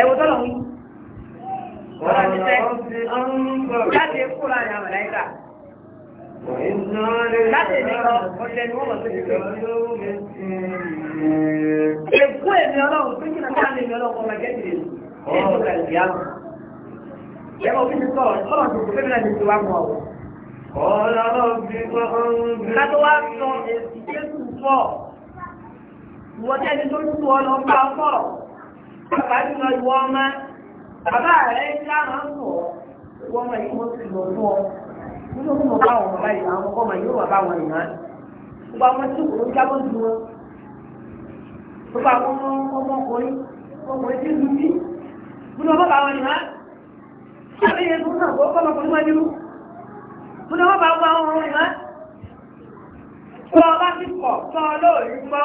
ẹ̀wọ̀ tọ́lọ̀ wí. Wọ́n ti sẹ́, jáde kó láàrin àwọn ẹ̀ka. Láti nìkan, ọ̀lẹ́ ni wọ́n mọ̀ sí ìgbẹ́. Èkó èmi ọlọ́run, pé kí nàá lè mi ọlọ́run ọmọ ẹgbẹ́ tìrì. Èkó ti sọ̀rọ̀, ọlọ́run tó kò fẹ́ mi náà wá mọ̀ ọ̀wọ̀. Ọ̀la ọ̀gbìn kan ń Ká tó wá sọ èsì Jésù fọ̀. Ìwọ́n tẹ́ni tó ń sọ ọ lọ bá fọ̀ bàbá tí wọ́n ìwọ ọmọ bàbá rẹ̀ tí a máa ń sọ ìwọ ọmọ yìí wọ́n ti lọ fún ọ nínú fún ọba àwọn ọba yìí àwọn ọkọ ọmọ yìí wà bá wọn ìhàn gbogbo àwọn tí kò ń jábọ́ ju wọn gbogbo àwọn ọmọkùnrin ọmọkùnrin tí ń lu bí nínú ọba àwọn ìhàn ṣàbí yẹn tó náà kọ́ ọmọkùnrin máa nínú nínú ọba àwọn ọmọ ìhàn tọ́ ọ bá ti kọ̀ tọ́ ọ lóòrì gbọ́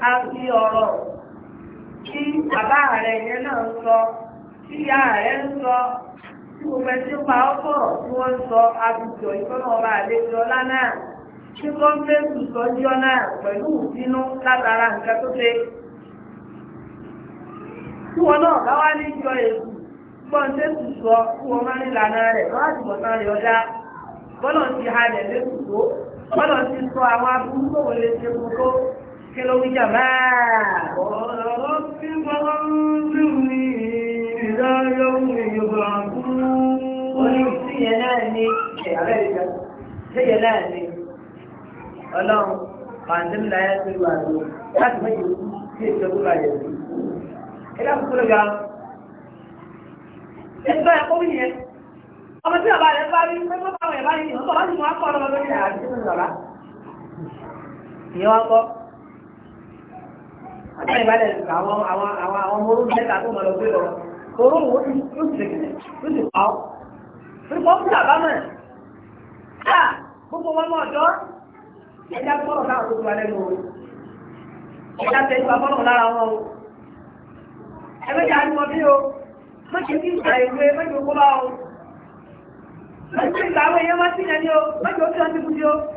a fi ọ̀rọ̀ tí bàbá rẹ̀ yẹn náà ń sọ tí ìyá rẹ̀ ń sọ tí gbogbo tí pa ọkọ̀ sọ àbùjọ ìfọ́nà ọba àlejò ọlá náà tí wọ́n ń bẹ́ẹ̀ sùn náà pẹ̀lú ìbínú látara nǹkan tó ṣe wọn náà bá wá ní ìjọ èkó gbọ́n kí máa rẹ̀ kí ló ń ọ̀rọ̀ tí wọ́n ń dùn ní ìdáyọ̀ ìyọ̀bọ̀ àbúrú. ó ní síyẹn náà ní ẹ̀rẹ́ ìjà síyẹn náà ní ọlọ́run pàǹdémì láyé tó wà ẹ ọmọ tí bàbá àtàlẹ́ ìbálẹ̀ àwọn ọmọ orúkọ mẹ́ta tó mọ̀ lọ gbé lọ toró wo ti ó sì lè ó sì pa fún àbámọ̀ ká gbogbo wọn náà jọ ẹja gbọ́dọ̀ káwọn wà lẹ́nu o ẹja ìgbà bọ́lọ̀ lára wọn ẹgbẹ́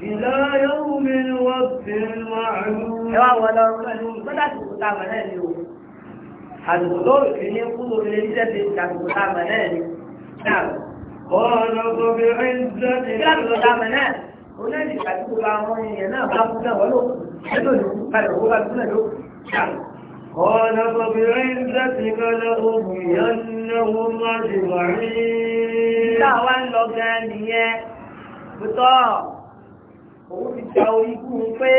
Ìlà yóò mi wọ́n ti máa rú. Ẹwà wọ́n lọ pẹ̀lú gbọ́dá ti kò tàbà náà ni o. Àdùkù lóòrùn kì ní kúrò ilé iṣẹ́ ti kàdùkù tàbà náà ni. Ọ̀nà gbogbo ẹ̀ńdẹ́ ti kàdùkù tàbà náà. Olóòdì kàdùkù bá wọn èèyàn náà fún náà wọ́n lò. Ẹ̀tọ́ ìlú kalẹ̀ owó bá tún náà lò. قال òun ti gba oríkú pé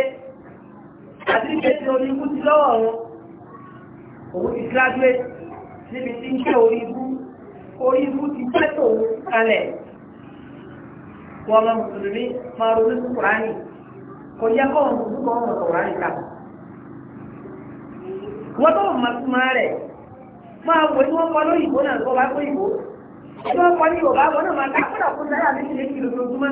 àdínkè tí oríkú ti lọ́wọ́ wọn òun ti graduate níbi tí ń jẹ́ oríkú oríkú ti pẹ́ tòun kalẹ̀ wọ́n lọ mùsùlùmí máa ronú sí kùránì kò yẹ kó wọn mùsùlùmí kọ́ wọn kùránì kà wọ́n tó mọ̀ sí máa rẹ̀ máa wò ní wọ́n kọ́ lóyìnbó náà kọ́ bá kó ìbò tí wọ́n kọ́ ní Yorùbá wọn náà máa ká kó dà kó náírà méjìlélógún lójúmọ́.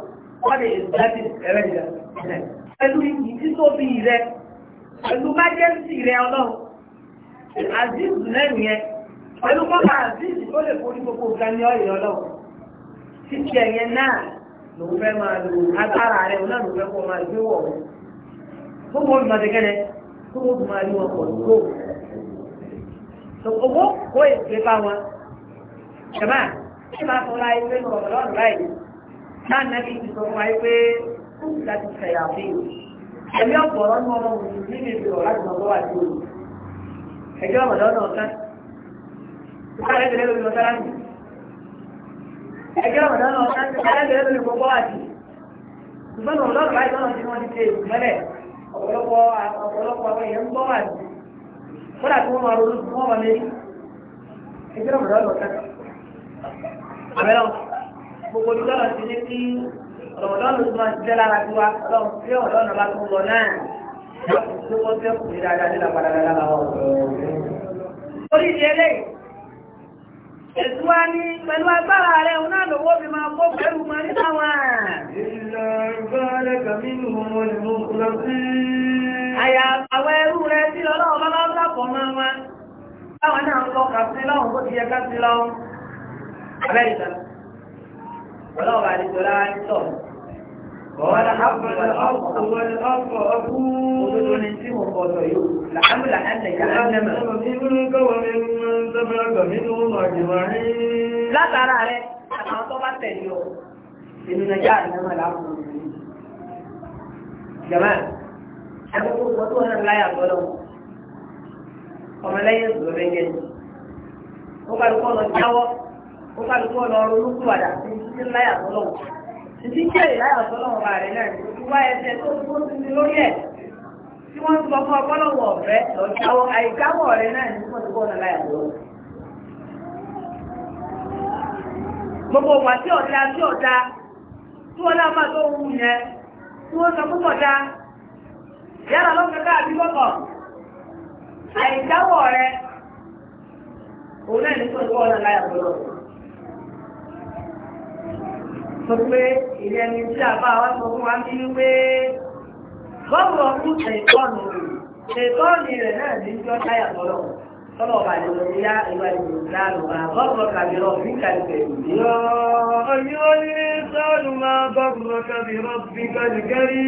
wọ́n lè tó bí rẹ pẹ̀lú májẹ́sì rẹ ọlọ́run aziz lẹ́nu yẹn pẹ̀lú kọ́kà aziz ó lè forí gbogbo gani ọ̀yẹ́ ọlọ́run títí ẹ̀yẹ náà lòun fẹ́ máa lo agbára rẹ òun fẹ́ kó máa gbé wọ̀ ọ́ gbogbo olùmọ̀dégẹ́lẹ́ gbogbo olùmọ̀dé wọn pọ̀ lóko láì Láàrín ti sọ wáyé pé kúrò láti fẹ̀yà fún ìlú. Ẹ̀mí ọ̀pọ̀rọ̀ ní ọmọ mùsùlùmí ní ìlú ọ̀rá ìmọ̀ lọ́wọ́ àti òru. Ẹjọ́ ọ̀mọ̀dọ́ náà tán. Ìpàdé tẹ̀lé lórí ọ̀tá láti. Ẹjọ́ ọ̀mọ̀dọ́ náà tán. Ìpàdé tẹ̀lé lórí gbogbo àti. Ṣùgbọ́n ọ̀lọ́rọ̀ láì lọ́nà tí wọ́n ti ṣe ìmọ́lẹ̀ ọ̀pọ̀lọpọ̀ gbogbo ìjọ náà ti ní kí ọ̀rọ̀mọdọ́nù tó máa ṣiṣẹ́ lára tí wa ọlọ́run tí ọ̀dọ́nà bá tún lọ náà tó wọ́n fẹ́ kù ní dáadáa nílà padàdàdà làwọn ọ̀rọ̀ orí ìdí eléyìí ètò wa ní pẹ̀lú agbára rẹ̀ òun náà lówó fi máa kó pẹ̀lú mọ ní táwọn. àyà àwọn ẹrú rẹ̀ sí lọ́lọ́wọ́ bá bá lápọ̀ máa wá. báwọn náà ń lọ kà sí lọ́hùn bó ti yẹ ká sí lọ́hùn. abẹ́rẹ́ ìtàn. ọlọ́wọ́ àdìsọ́lá ń tọ̀. Wọ́n lábọ̀ ọkọ̀ wọn lọ́kọ̀ ọkú. Olódó ni tí mo kọ̀ sọ yóò. Làámù làánà ìyàlẹ́mà. Látara rẹ̀, àwọn tó bá tẹ̀lé ọ, èmi nà já àdìsọ́lá láàmú. ó bá ọrụ lọ ronúkú padà sí títí láyà tọ́lọ́wọ́ títí jẹ́ ìláyà tọ́lọ́wọ́ bá rẹ̀ náà ti wá ẹsẹ̀ tó tó ti lórí ẹ̀ tí wọ́n ti kọ́kọ́ ọpọlọ́wọ́ ọ̀fẹ́ àìkáwọ̀ rẹ̀ náà ní láyà gbogbo tí tí tí wọ́n tó wù yẹn tí wọ́n sọ púpọ̀ dá rẹ̀ òun náà ní tó sọ pé ilé ẹni tí a bá wá sọ fún wa ní wípé bọ́ọ̀lù ọdún ṣètọ́nù ṣètọ́nù rẹ̀ ní jọ táyà tọ́lọ̀ tọ́lọ̀ bí kàlùkẹ̀lù. ayọ́ ní sọ́ọ̀lù máa bọ́ọ̀lù kàbírọ̀ bí kàlùkẹ̀lì.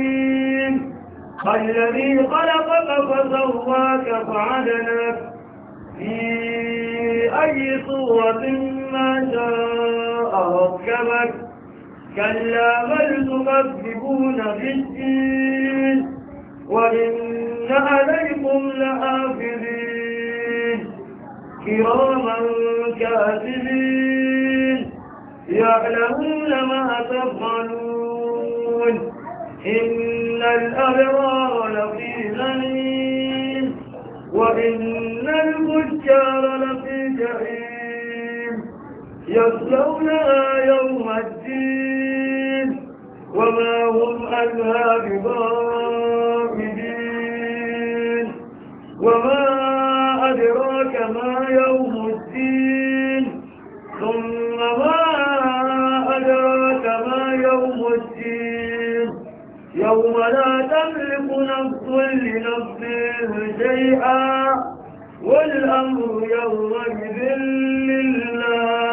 كلا بل تكذبون بالدين وإن عليكم لحافظين كراما كاتبين يعلمون ما تفعلون إن الأبرار لفي نعيم وإن الفجار لفي جحيم يصلونها يوم الدين وما هم عنها بغائبين وما أدراك ما يوم الدين ثم ما أدراك ما يوم الدين يوم لا تملك نفس لنفس شيئا والأمر يومئذ لله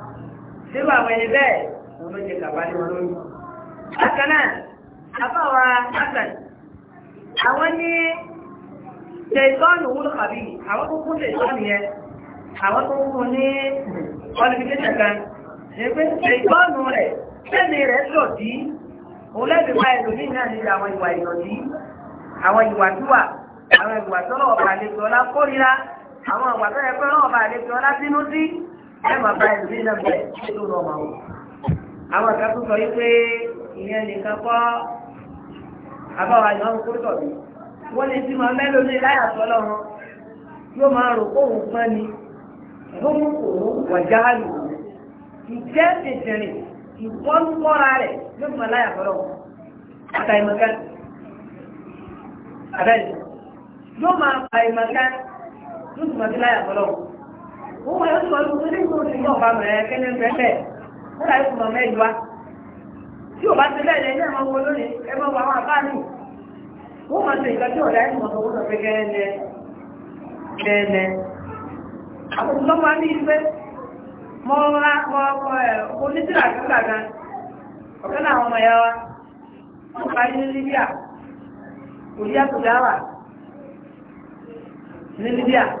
nínú àwọn ẹni bẹ́ẹ̀ wọn ló ṣe kàbá ní wọn lórí. bákan náà àbáwa hasan àwọn ní tẹ̀sán òwúlò kàbí àwọn tó kún tẹ̀sán yẹn àwọn tó kún ní qualification kan ní pé tẹ̀sán rẹ̀ sẹ́ni rẹ̀ sọ̀ sí òun lẹ́bi pa ẹlòmíì náà níbi àwọn ìwà ìdọ̀tí àwọn ìwà tíwà àwọn ìwà tọ́lọ̀ ọ̀bà àlejò ọlá kórìíra àwọn ìwà tọ́lọ̀ ọ̀bà àlejò ọlá sínú sí ẹ máa bá ìlú náà bẹ̀ nínú ọmọ wọn. àwọn kan tó sọ yí pé ìyẹn nìkan kọ́ àbáwá ìmọ̀ kúrúkọ̀ mi wọ́n lè ti máa mẹ́lò ní láyà sọ́lọ́ wọn yóò máa rò kóhùn pọ́n ni lóhùn òun wọ̀já lù ìjẹ́ tètèrè ìwọ́nukọ́ra rẹ̀ yóò máa láyà sọ́lọ́ wọn àtàìmọ̀ká àbẹ́rẹ́ yóò máa àìmọ̀ká yóò sì máa fi láyà sọ́lọ́ wọn. òun wọ́n yóò sọ ọdún tó ní ìṣòro tí yóò bá bẹ̀rẹ̀ kẹ́lẹ́ bẹ́ẹ̀ ó dàbí wa tí ò bá ti bẹ́ẹ̀ lẹ́yìn ẹ̀mọ́ wo lónìí ẹ̀mọ́ wo àwọn àbá mi ó máa ṣe ìgbà tí ò dá ìmọ̀ owó sọ kẹ́lẹ́ máa ní ọ̀kẹ́ náà àwọn ọmọ wa wọ́n ní Libya kò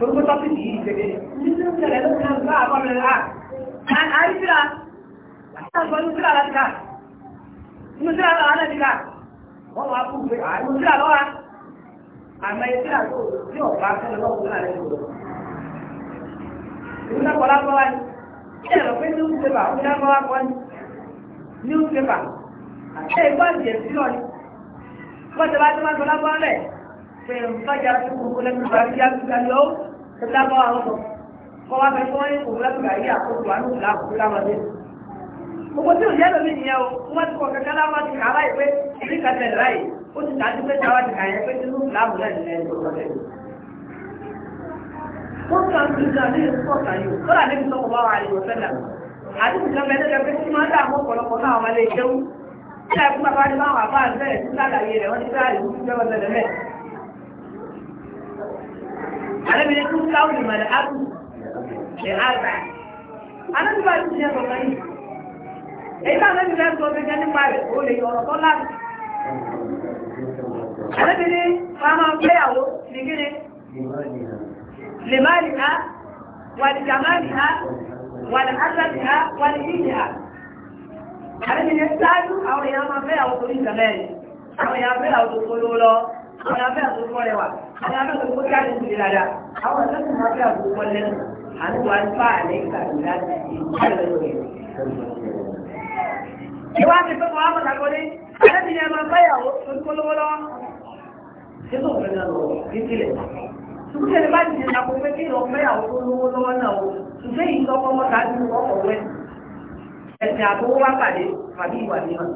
torúkọ tọ́sí ní ìgbèrè nínú ìṣẹ̀lẹ̀ ló kàn bá àwọn ọmọ rẹ̀ àìsíra àtàgbọ́nú síra láti ká inú síra lọ́wọ́ láti ká wọ́n wá kú pé àwọn síra lọ́wọ́ àmọ́ ìsíra tó ní ọ̀pá fẹ́lẹ̀ lọ́wọ́ síra rẹ̀ lọ́wọ́ ìlú náà kọ́lá kọ́lá ni kí ẹ̀rọ pé ní newspaper ó dá kọ́lá kọ́ ni newspaper àti ẹ̀gbọ́n ìjẹ̀ sí lọ ni wọ́n ti bá tó má kọ́lá kọ́ rẹ̀ pé nǹkan jà fún kókó lẹ́nu ìgbà tẹ́tà bá wọn sọ kọ́ wá fẹ́ kí wọ́n yín kò lẹ́kùn gàrí àkókò àánú làkùkù láwọn dé. gbogbo tí òjẹ́ lómi nìyẹn o wọ́n ti kọ̀ kẹ́kẹ́ láwọn máa ti kà á láì pé ìdí kàtẹ́ láì ó ti dájú pé táwa ti kà yẹn pé tinú làwọn náà nìyẹn ló sọ bẹ́ẹ̀. wọ́n kàn ń gbìyànjú àti ìfọ̀kàn yìí kọ́lá níbi sọ́kọ̀ bá wà àyè àti nǹkan bẹ̀rẹ̀ lẹ́gbẹ̀ẹ́ pé kí máa dààmú ọ̀pọ̀lọpọ̀ náà wọn lè jẹun. Ṣé ẹ̀kú bàbá ní báwọn àbá àgbẹ̀ ìtúlàlàyé rẹ̀ wọ́n ti fẹ́ àìsí ìjọba tẹ̀lé mẹ́ alábìnrin tó káwọn ìmọ̀lẹ̀ ápù lè ágbà alábìnrin tó ṣe sọ̀rọ̀ yìí èyí náà lẹ́nu lẹ́nu tó ṣe jẹ́ nípa rẹ̀ ó lè yọ̀rọ̀ tó láti alábìnrin fáwọn ọgbẹ́yàwó ní kíni lè má lè ha wà ní jàmá lè ha wà ní ásà lè ha wà ní ìyè ha alábìnrin sáájú àwọn èèyàn máa fẹ́yàwó torí ìjàmẹ́ àwọn èèyàn fẹ́yàwó tó polówó lọ àwọn èèyàn fẹ́yàwó tó kọ́ rẹwà àwọn ìwà ti fẹ́ wọn àmọ̀ tàkọ́lé alẹ́bí ni a máa báyàwó tó ń polówó lọ́wọ́. nínú lọ ìdílé. ṣùgbọ́n ẹni bá ti di pé kí ìrọ̀ báyàwó tó lówó lọ́wọ́ náà o ṣùgbọ́n èyí tó kọ́ mọ́ta nínú ọkọ̀ wẹ̀. ẹ̀sìn àtọwọ́ wá pàdé tàbí ìwà nímọ̀.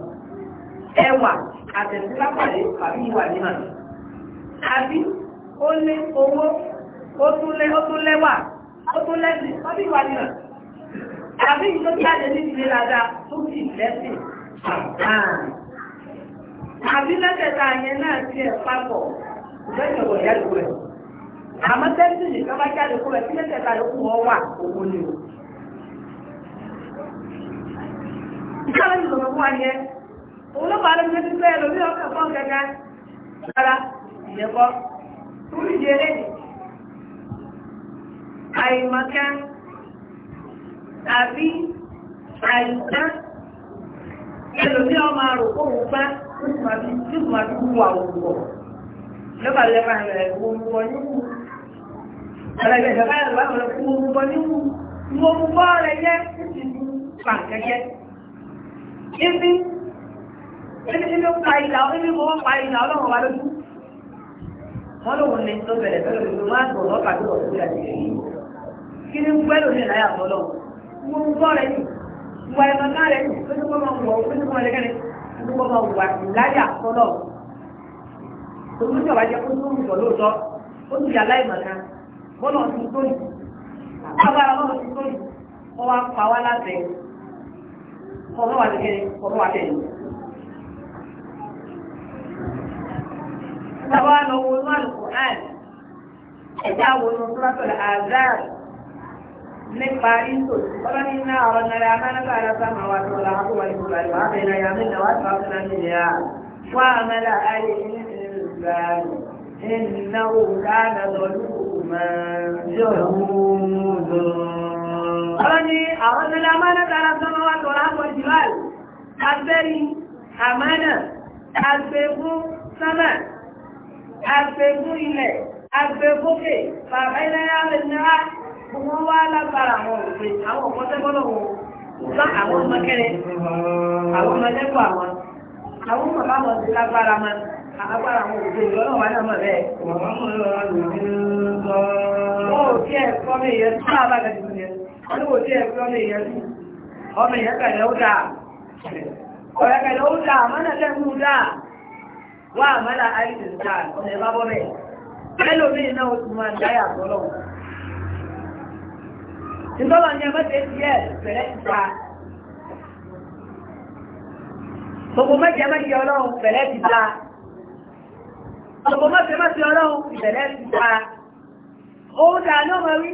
ẹwà àtẹ̀síwá pàdé tàbí ìwà nímọ̀. àbí ó ní owó ó tún lé ó tún lẹ́wà ó tún lẹ́sìn ó bí wà nìyàn àbí ìjọ jáde ní ìdílé dada tó sì lẹ́sìn àbí lẹ́sẹ̀ta yẹn náà ti ẹ̀ papọ̀ lẹ́sẹ̀ wọ̀ yá lóore àmọ́ tẹ́sí nìkan bá jáde kúrò tí lẹ́sẹ̀ta yòókù wọ́n wà òun ni o. ìkàlẹ́ ìlọ́mọ̀ fún ẹlòmíràn rárá ìyẹ́kọ́. torí ìdí eléyìí àìmọ̀kẹ́ tàbí àìsàn ẹlòmí ọmọ àròkó òun bá nígbà tí wọ́n wà òwúrọ̀ lọ́pà lẹ́pà rẹ̀ òwúrọ̀ níwú ọ̀rẹ́gbẹ̀ ìjọba ẹ̀rọ báwọn lọ fún òwúrọ̀ níwú mo mú bọ́ rẹ̀ yẹ́ títí ní pàǹkẹ́kẹ́ ibi ibi ló pa ìlà ibi mo pa ìlà ọlọ́run wa wọ́n lóun ní tó bẹ̀rẹ̀ pẹ̀lú ìlú máa tó lọ́kà tó lọ sí àti èyí kí ni pẹ́lú ní ìlàyà tọ́lọ̀ mo ń gbọ́ rẹ̀ wà ẹ̀mọ̀ náà rẹ̀ tó ní kọ́ máa wọ̀ ó ní kọ́ rẹ̀ kẹ́rẹ́ tó kọ́ máa wà láyà tọ́lọ̀ tó ní ìjọba jẹ́ kó tó ń bọ̀ lóòótọ́ ó ti القرآن كتاب نصرة الآذار من قائد ومن النار أن لا من فعل السماوات والأرض والجبال وأعطينا من وأسرقنا منها وعمل آل الإنسان إنه كان ظلوما جهودا أردنا الأمانة àgbẹ̀gún ilẹ̀ àgbẹ̀gókè bàbá ẹlẹ́yà lẹ́nìyà wọ́n wá lágbára àwọn òfin àwọn ọ̀pọ̀ wọn ṣùgbọ́n àwọn ọmọ àwọn ọmọ àwọn àwọn ọmọ wọn ti lágbára mọ́ agbára àwọn òfin ìlọ́nà wà náà mọ̀ bẹ́ẹ̀. wọ́n ò tí ẹ̀ kọ́ mi ìyẹn tí wọ́n bá gàdì fún yẹn wọ́n ò tí ẹ̀ kọ́ mi ìyẹn tí ọmọ ìyẹn kàlẹ́ ó dáa ọ̀rẹ́ ó dáa mọ́nà wá àmàlà àìsí ká ẹ bá bọ́ bẹ́ẹ̀ ẹlòmíì náà ó ti máa ń dáyà sọ́lọ̀ ìtọ́lọ̀ ní ẹgbẹ́ tẹ́ ti ẹ̀ bẹ̀rẹ̀ ìpa gbogbo mẹ́jẹ mẹ́jẹ ọlọ́run bẹ̀rẹ̀ ti ta gbogbo mẹ́jẹ mẹ́jẹ ọlọ́run bẹ̀rẹ̀ ti ta òun dà ní ọmọ rí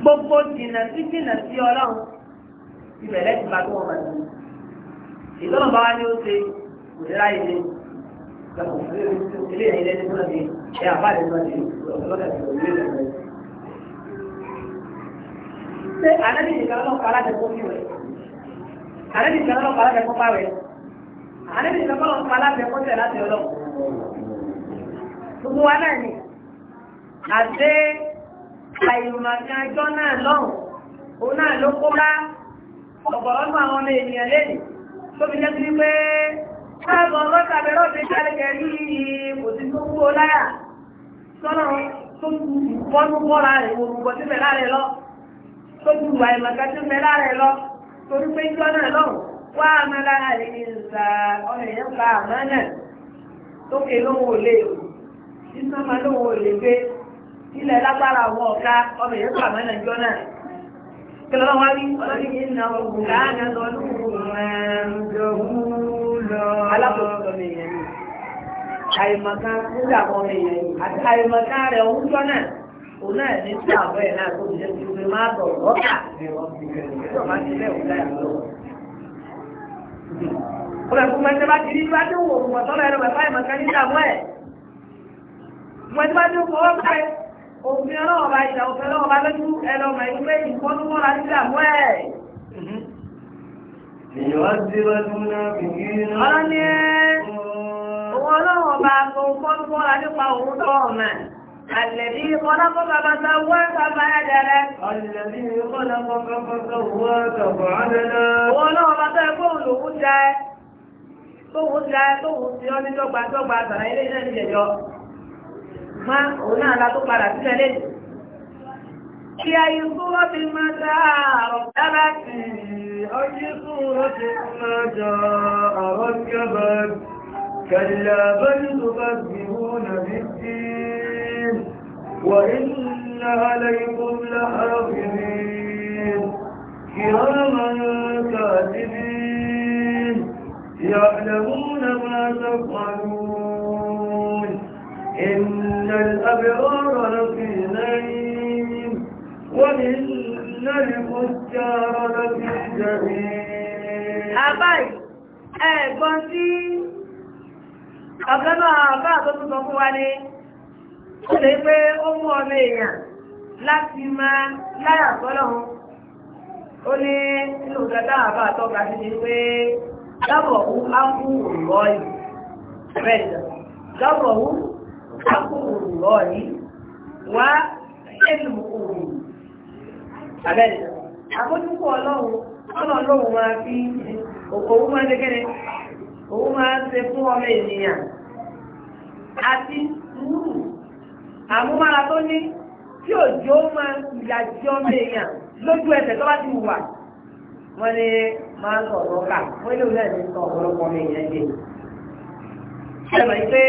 gbogbo jìnnà sí jìnnà sí ọlọ́run ìbẹ̀rẹ̀ ti ba tó wọn bá ti ìtọ́nà bá wá ní ó ṣe kò sí ráyè ní ilé ìyẹn lẹ́ni tó lọ́dẹ ẹ àbáyé lọ́dẹ ọ̀pọ̀lọpọ̀ ìwé lẹ́nu. ṣé àlẹ́ nìkan lọ́kọ̀ alájẹpọ̀ fi wẹ̀? àlẹ́ nìkan lọ́kọ̀ alájẹpọ̀ bá wẹ̀? àlẹ́ nìkan lọ́kọ̀ alájẹpọ̀ tẹ̀ láti ọlọ́ gbogbo wa náà ni àti àyùmọ̀kan ẹjọ́ náà lọ́hùn-ún òun náà ló kó bá ọ̀gọ̀rọ̀ nù àwọn ọmọ ènìyàn lẹ́yìn. tóbi jẹ́ sí pé ẹ̀bọ̀ lọ́ta bẹ̀rẹ̀ ọ̀dẹ́ jálẹ̀kẹ̀ ní tó kú ọláyà sọ́nà tó kú bọ́nú bọ́ra rẹ̀ wò gbogbo síbẹ̀ láàrẹ̀ lọ tó kú wà ìmọ̀ká síbẹ̀ láàrẹ̀ lọ torí pé jọ́ náà wá rẹ̀ ìzà ọ̀rẹ́ yẹn lóhùn alákòóso mi yẹn ni àìmọ̀kan nígbà kan mi yẹn ni àti àìmọ̀kan rẹ̀ òun jọ náà òun náà ní sí àbọ̀ ẹ̀ náà tó jẹ́ kí omi máa bọ̀ lọ́kà ìjọba ti lẹ̀ òun láyà lọ. Olè fún mẹ́tẹ́ bá ti rí bá tó wò wọ̀ tọ́lọ̀ ẹ̀rọ bàbá ìmọ̀kan nígbà mọ́ ẹ̀. Mẹ́tẹ́ bá tó fọwọ́ báyìí òfin ọlọ́wọ́ bá ìjà òfin ọlọ́wọ́ bá lójú ẹlọ́mọ ìgbé ìfọ́númọ́ra nígbà mọ́ ẹ̀. ليعذب المنافقين أني ولو باكم كنتم لنقى هدوما الذي خلقك فسواك فعدلك الذي خلقك فسواك فعدلك ولو بتقول هدى tóhùn ti ayé tóhùn ti ọ́ ní dọ́gba dọ́gba àtàrà ilé iṣẹ́ ìjẹ̀jọ́ máa òun náà la tó padà sílẹ̀ lẹ́yìn في أي صورة متى ركبت في أي صورة جاء ركبت كلا بل تكذبون بالدين وإن عليكم لحافظين كراما كاتبين يعلمون ما تفعلون إن الأبرار لفي نعيم وإن الفجار لفي جحيم àbáyì ẹ̀gbọ́n tí ọ̀gánà àbá tó tún sọ fún wa ní ó lè pé ó mú ọmọ èèyàn láti máa láyà sọ́lọ́hun ó ní inú gàdá àbá tọ́ka sí ni pé dábọ̀hú ákùrù lọ́yìn bẹ́ẹ̀ dábọ̀hú ákùrù lọ́yìn wá abẹ́rẹ́ àbójúkú ọlọ́run máa fi òun máa ṣe kẹ́rẹ́ òun máa ṣe fún ọmọ ènìyàn àti sùúrù àmúmára tó ní tí òjò máa ìyà ọmọ èèyàn lójú ẹsẹ̀ tó bá ti wà wọ́n ní máa ń sọ̀rọ̀ kà wọ́n lè wúlẹ̀ ní sọ ọ̀pọ̀lọpọ̀ ọmọ èèyàn jẹ. ṣẹlẹ̀ pé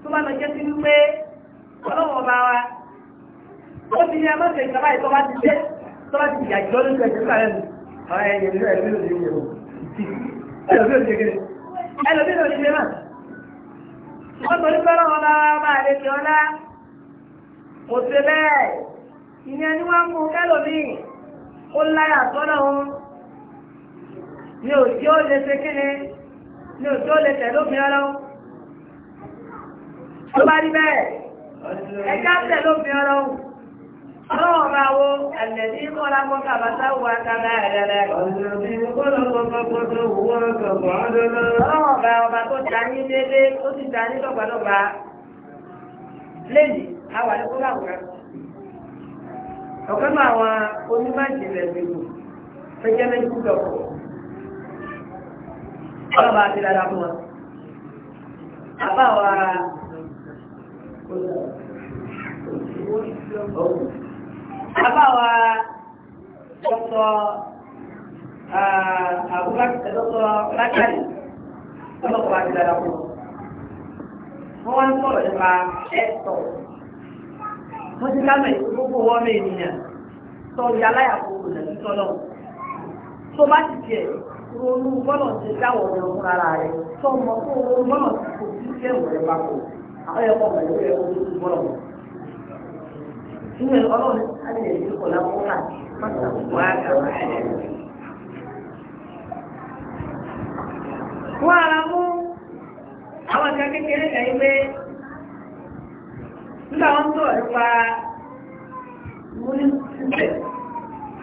tó bá lọ jẹ́ sí wípé ọlọ́wọ́ bá wa ó ti ní ẹ ìjọba ìtọ́ bá ti jẹ́ tó ìyàjọ́ ló ṣe ìṣẹ́ká rẹ̀ ọ̀rọ̀ ẹ̀yẹ ló ẹ̀lú ló ṣe yẹ̀wò ẹlòmí ò ṣe kéde ẹlòmí ò ṣe mà wọ́n torí pẹ́rọ ọlá máa lè fi ọlá kò ṣe bẹ́ẹ̀ ìyẹn ni wọ́n mú kẹlòmí ó láyà Ọlọ́run bá wo àlẹ́sí kọ́lá kọ́kà bá sáwọ́ akára ẹ̀rẹ́rẹ́. Ọlọ́run bá ọba tó ta ní délé ó sì ta ní lọ́gbàdọ́gba. Lẹ́yìn, a wà ní kọ́lá àwòrán. Ọ̀kan náà àwọn onímọ̀-ìjìnlẹ̀ gbèrò fẹ́jẹ́ méjì dọ̀kọ̀. Ọlọ́run bá ti dára fún wọn. Àbá wa. Thank you àbáwa dọ́kọ̀ àbúkàtà ọlọ́pàá ti fún wọn wọ́n ń sọ̀rọ̀ nípa ẹ̀tọ́ wọ́n ti ká mẹ́rin gbogbo wọn mẹ́rin sọ ìyá aláyàfóòrò lẹ́yìn tọ́lọ́ tó bá ti jẹ́ ronú bọ́lọ̀ ti dáwọ̀ ọ̀rọ̀ fún ara rẹ̀ tó mọ̀ fún ronú bọ́lọ̀ ti kò sí ẹ̀wọ̀ rẹ̀ papọ̀ àwọn ẹ̀kọ́ mẹ́rin ó yẹ kó tó bọ́lọ̀ mọ́. nínú ọrụ á lè lè kọ̀ láwọn wà wá àwọn ẹ̀rẹ́. ara mú àwọn ìka kékeré kan yí pé nígbà wọn tó nípa múlí sísẹ̀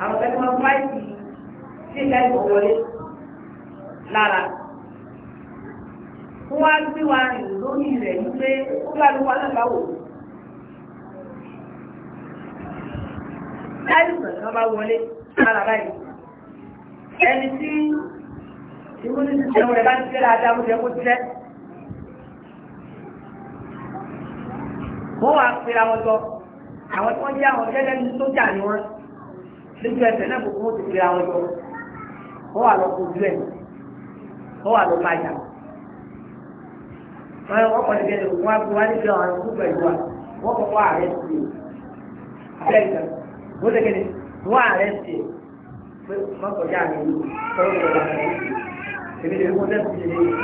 àwọn ìka wa láìsàn wọ́n wá pera wọn lọ àwọn tí wọ́n jẹ́ àwọn gẹ́gẹ́ ní sójà ni wọ́n lójú ẹsẹ̀ náà gbogbo wọn ti pera wọn lọ wọ́n wà lọ kojú ẹ̀ wọ́n wà lọ bàjá wọ́n wọ́n kọ́ níbi ẹni wọ́n wá níbi àwọn ọ̀rọ̀ púpọ̀ ìlú wa wọ́n kọ́ ààrẹ sí i abẹ́ ìjọba wọ́n tẹ̀kẹ́ ni wọ́n ààrẹ ti pé mọ́kànjá mi sọ́rọ́ kọjá mi èmi lè fún lẹ́sùn yìí lẹ́yìn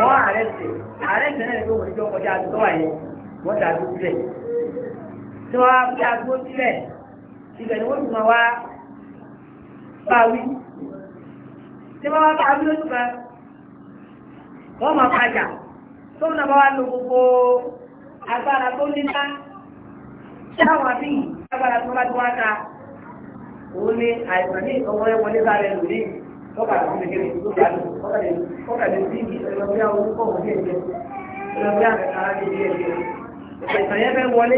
wọ́n ààrẹ ti ààrẹ ti náà lè wọ́n ìjọ kọjá mi tọ́wà yẹn wọ́n dà dúró sílẹ̀ tí wọ́n á fi agbó sílẹ̀ ibẹ̀ ni wọ́n ti máa wá bá wí tí wọ́n wá bá wí lójú kan wọ́n máa pàjà tó ń nàbọ̀ wá lo gbogbo agbára tó ní ná táwọn àbíyí agbára tó bá ti wá ta òun ni àìsàn ní ọwọ́ ẹ wọlé lára ẹ lòdì lọ́kà tó lè kéde tó bá lò kọ́kà lè sí ìrọ̀lẹ́ àwọn orúkọ òun yẹn jẹ ìrọ̀lẹ́ àwọn ará ti di ẹ̀jẹ̀ àìsàn yẹn fẹ́ wọlé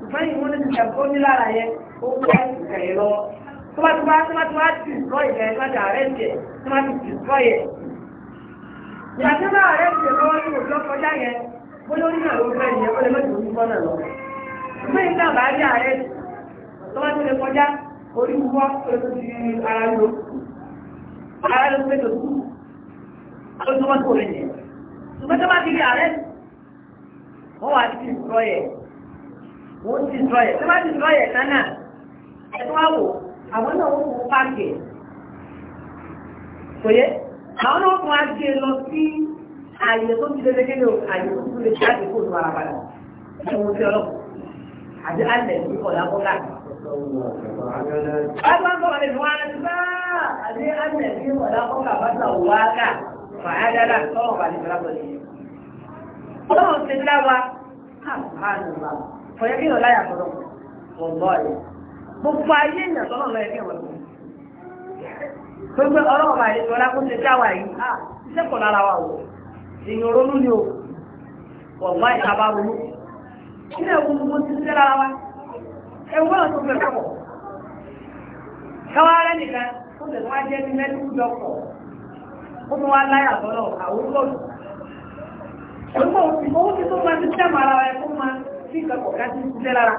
ṣùgbọ́n ìwọ ní ìjà tó ní lára yẹn ó ń wá yẹn lọ tó bá ti wá tó bá ti wá ti sọ ìjà yẹn láti àárẹ̀ jẹ tó bá ti sọ yẹn. ìyàtọ̀ náà àárẹ̀ jẹ lọ́wọ́ ní kọjá yẹn bóyá tó bá ti lè kọjá orí wúwọ́ pẹ̀lú ti ara lò ara lò pẹ̀lú kú ó tó wọ́n tó rẹ̀ yẹn ṣùgbọ́n tó bá ti rí ààrẹ wọ́n wà ti sọ yẹ wọ́n ti sọ yẹ tó bá ti sọ yẹ nánà ẹ̀tọ́ wá wò àwọn náà wọ́n fún páàkì kò yẹ àwọn náà fún àgbè e lọ sí àyè tó ti lé lé kéde àyè tó ti lè jáde kó lu ara padà ẹ̀wọ̀n ti ọlọ́pàá àti àlẹ̀ ní kọ̀lákọ́lá. Ọgbọ́n kọ̀ ní wọ́n bá àti àlẹ̀ ní kọ̀lákọ́lá bá tà wá kà fàádára tọ́wọ́ bá ní ìgbàlọ́ yìí. Ọlọ́run ti láwa kọ̀yẹ́ kí ọláyà tọ́lọ́ ọ̀gbọ́ rẹ̀. Gbogbo ayé ìyàn tọ́lọ́ lọ ẹgbẹ́ wọn. Gbogbo ọlọ́run bá yẹn tọ́lá kó ti dáwà yìí. Iṣẹ́ kọ̀ lára wa wò. Ìyàn ronú ni o. Ọ̀gbọ́n ìta bá ronú nílẹ̀ gbogbo ti ṣe lára wa ẹwọ́n náà tó fẹ́ pọ̀ káwá nìkan tó lè wá jẹ́ ní mẹ́tìkú dọ́kọ̀ ó tún wá láyà lọ́nà àwòrán òun kò ti tó máa ti sẹ́mu ara rẹ̀ fún ma sí ìkẹ́kọ̀ọ́ ká ti ṣiṣẹ́ lára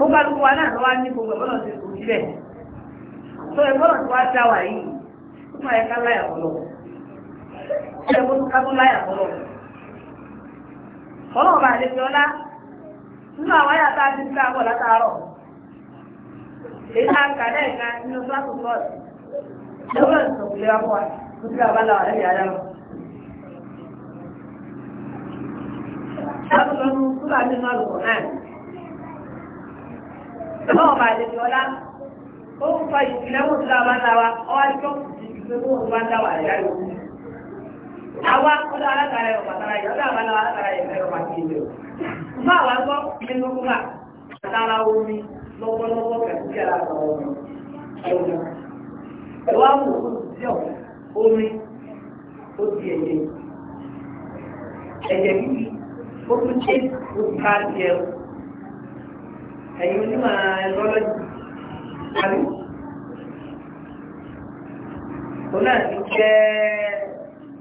ó bá lóko wa náà lọ́wọ́ ní gbogbo ẹ̀fọ́nà ti kò sílẹ̀ tó ẹ̀fọ́nà ti wá dá wà yìí ó máa yẹ ká láyà lọ́nà ó yẹ kó tó ká tó láyà lọ́nà ọlọ́run bá àlejò ọlá nínú àwọn àyà ti ń ká látàárọ̀ èyí tá a nínú fúláṣù bọ́ọ̀lù lọ́wọ́ ìsọ̀kùnlé wa fún wa kó sí àbálà wà lẹ́yìn àyà lọ. Lábùsọ̀ nù nínú àlùkò náà. Ọlọ́run bá àlejò ọlá ó ń fa ìpìlẹ̀ wò sí àbálà wa ọwọ́ àti tó kù sí ìgbésẹ̀ wò sí àbálà wà lẹ́yìn àyà àwa ọ̀dọ̀ alátara yóò bàtàrà yìí ya, àbálọ alátara yìí máa kí ilé o má wà gbọ́ nínú kúmà àtàrà omi lọ́wọ́lọ́wọ́ pẹ̀lú ọmọ ọmọ omi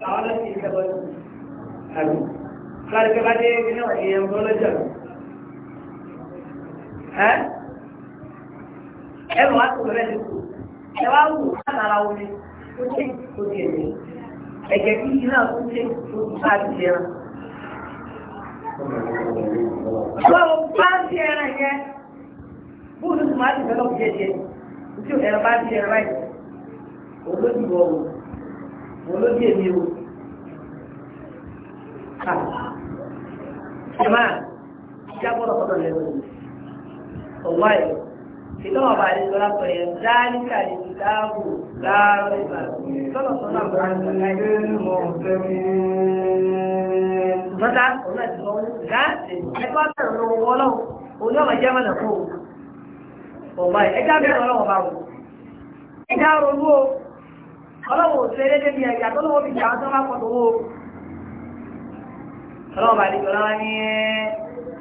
تعالى في كبر حلو قال كبر ايه من ايام بولجر ها ẹ wà tó rẹ wọ́n ló o jama ìjábọ̀ lọ́kọ̀dọ̀ lẹ́nu ọ̀wá ẹ̀ ìtọ́wọ̀ bá rí lọ́la sọ yẹn dáníkà ní ìdáàbò láàárọ̀ ìbàdàn tọ́lọ̀ sọ náà bá ń lọ́dá òun àti sọ gá ọlọ́wọ́ òṣèré débi ẹ̀yà tó fi jà ọ́n tó má ọlọ́wọ́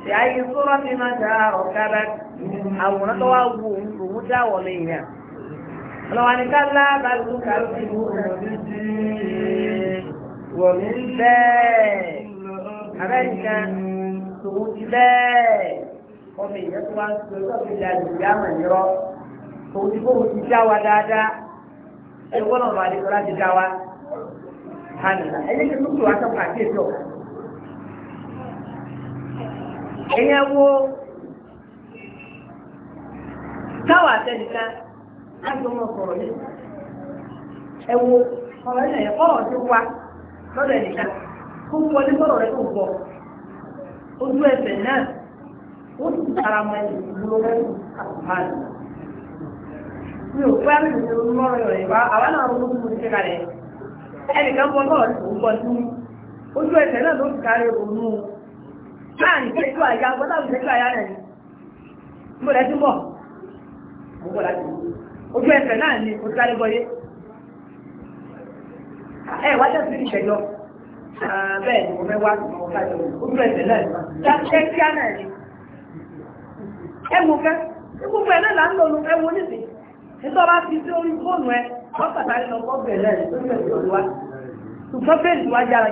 ṣe sọ́rọ́ ti máa àwòrán tó wá òun wọlé ọlọ́wọ́ kálá balùwù ti wọ̀mí bẹ́ẹ̀ tòun ti bẹ́ẹ̀ ọmọ ìyẹn tó wá ń sọ mọ̀ nírọ̀ ti kó òun ti já wa dáadáa. ẹ̀wọ́n náà máa láti dá wa hànà ẹ̀yẹ́ kí ló kúrò aṣọ pàṣẹ tó. ẹ̀yẹ́ wo táwọn àtẹnìkan láti ọmọ sọ̀rọ̀ yìí ẹ̀ wo ọ̀rọ̀ kọ́ ọ̀dún wa lọ́dọ̀ kó rẹ̀ ojú náà ó sì tara ẹ̀ mi ò pé àmì ìṣòro mọ́rọ̀ rẹ̀ wá àwa náà ronú fún mi síra rẹ̀ ẹnìkan bọ́ náà tó ń bọ́ sí ojú ẹsẹ̀ náà ló ń kárí òun un láàrin ìṣẹ́jú àyà gbọ́dọ̀ ìṣẹ́jú àyà rẹ̀ ni mo lẹ́ tún bọ̀ mo bọ̀ láti ojú ẹsẹ̀ náà ni mo sáré bọ́yé ẹ wá jẹ́ sí ìṣẹ́jọ́ bẹ́ẹ̀ ni mo fẹ́ wá ojú ẹsẹ̀ náà ni ṣáṣẹ́ náà ni ẹ mo fẹ́ gbogbo ẹ̀ náà là ń lò ẹ̀wọ̀n nísìnyí. nítorí bá fi sí orí fóònù ẹ wọ́n pàtàkì lọ fọ́ọ̀bù bẹ̀rẹ̀ lórí wa ṣùgbọ́n bẹ́ẹ̀lì bẹ̀rẹ̀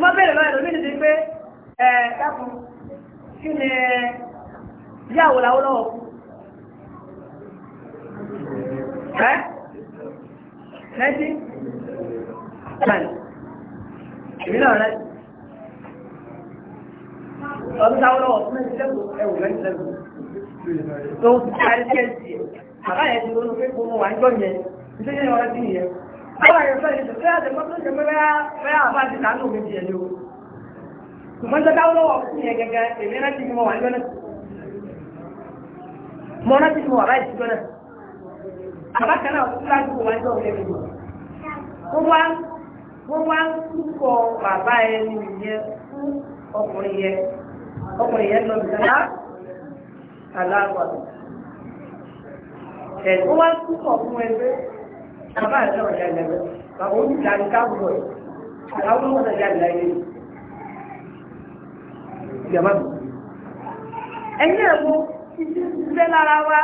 lọ́yẹ̀ lómi nìyí pé ẹ̀ dákun kí ni yàwó làwọn lọ́wọ́ kú. ẹ́ lẹ́tí èmi náà rẹ̀ ọdún táwọn ọ̀sán mẹ́rin lẹ́gbọ̀n ẹ̀wù mẹ́rin lẹ́gbọ̀n tó ń kárí kẹ́ẹ̀sì àbá yẹn ti ronú ń fẹ́ yẹn fẹ́ wà ń gbọ́ náà mọ́ náà ti fi mọ wà báyìí ti gbọ́ náà àbákaná ọ̀kúlájú wọn jọ lẹ́nu wọn wá wá ń bàbá ẹni yẹn fún ọkùnrin yẹn ọkùnrin yẹn lọ bìtá aláwọ̀ ẹ̀ wọ́n wá ń fún ẹgbẹ́ bàbá ẹ̀ náà yà bàbá ó ní káàbùrọ̀ ẹ̀ àwọn ọmọ náà yà lẹ́yìn ìyàmá mi ẹ̀yìn ẹ̀wọ̀n ti ti ń bẹ́ lára wa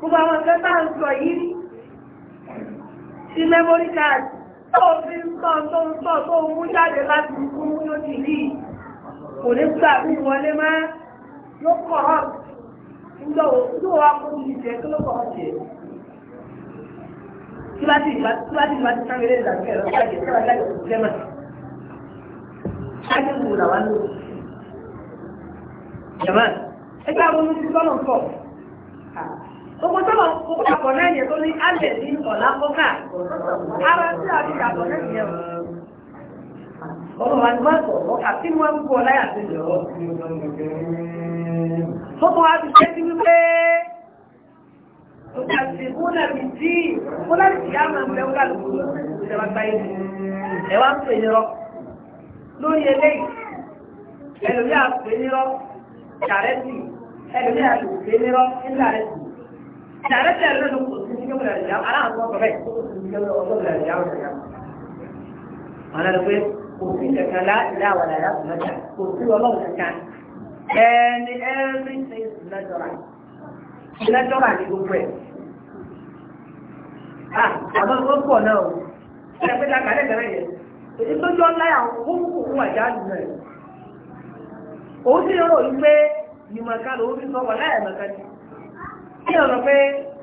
gbogbo àwọn nǹkan tá ń sọ yìí ti memory card tó fi ń sọ tó ń sọ tó ń mú jáde láti ikú ló ti rí kò ní gbà bí wọlé má ló kọ̀rọ̀ ńlọ yóò wá kó ní ìjẹ́ tó ló kọ̀rọ̀ jẹ́ tí bá ti ìgbà ti sáré lé ìdàgbẹ́ rẹ̀ ọ̀gá ìjẹ́ sára láti ìjẹ́ mà ṣáájú ìwòrán wa lóòrùn jẹ̀mọ́ ẹgbẹ́ àwọn olùdíjọ́ náà pọ̀. Ogun tó lọ kó papọ̀ náà yẹn tó ní alẹ̀ ní ọ̀la kọ́kà. Ara tí a fi yàtọ̀ náà yẹn o. Ọmọ wa ni wọ́n sọ̀ ọ̀kà tí wọ́n ń bú ọ láyà sí ìjọ. Fọ́fọ́ wa ti ṣe sí wípé òṣàṣìkún náà fi tí kó láti ìyá máa ń bẹ ó kàlùkù ìjọba gbáyé. Ẹ wá ń pè ní rọ. Lórí eléyìí, ẹlòmíà pè ní rọ, ṣàrẹ́sì, ẹlòmíà pè ní rọ, ńlá rẹ̀ sì. Directly Allah ló kò sí ní ọ̀rọ̀ ìyá aláàbọ̀ ọ̀rọ̀ ẹ̀ tó kò sí ní ọ̀rọ̀ kí ọ̀rọ̀ pé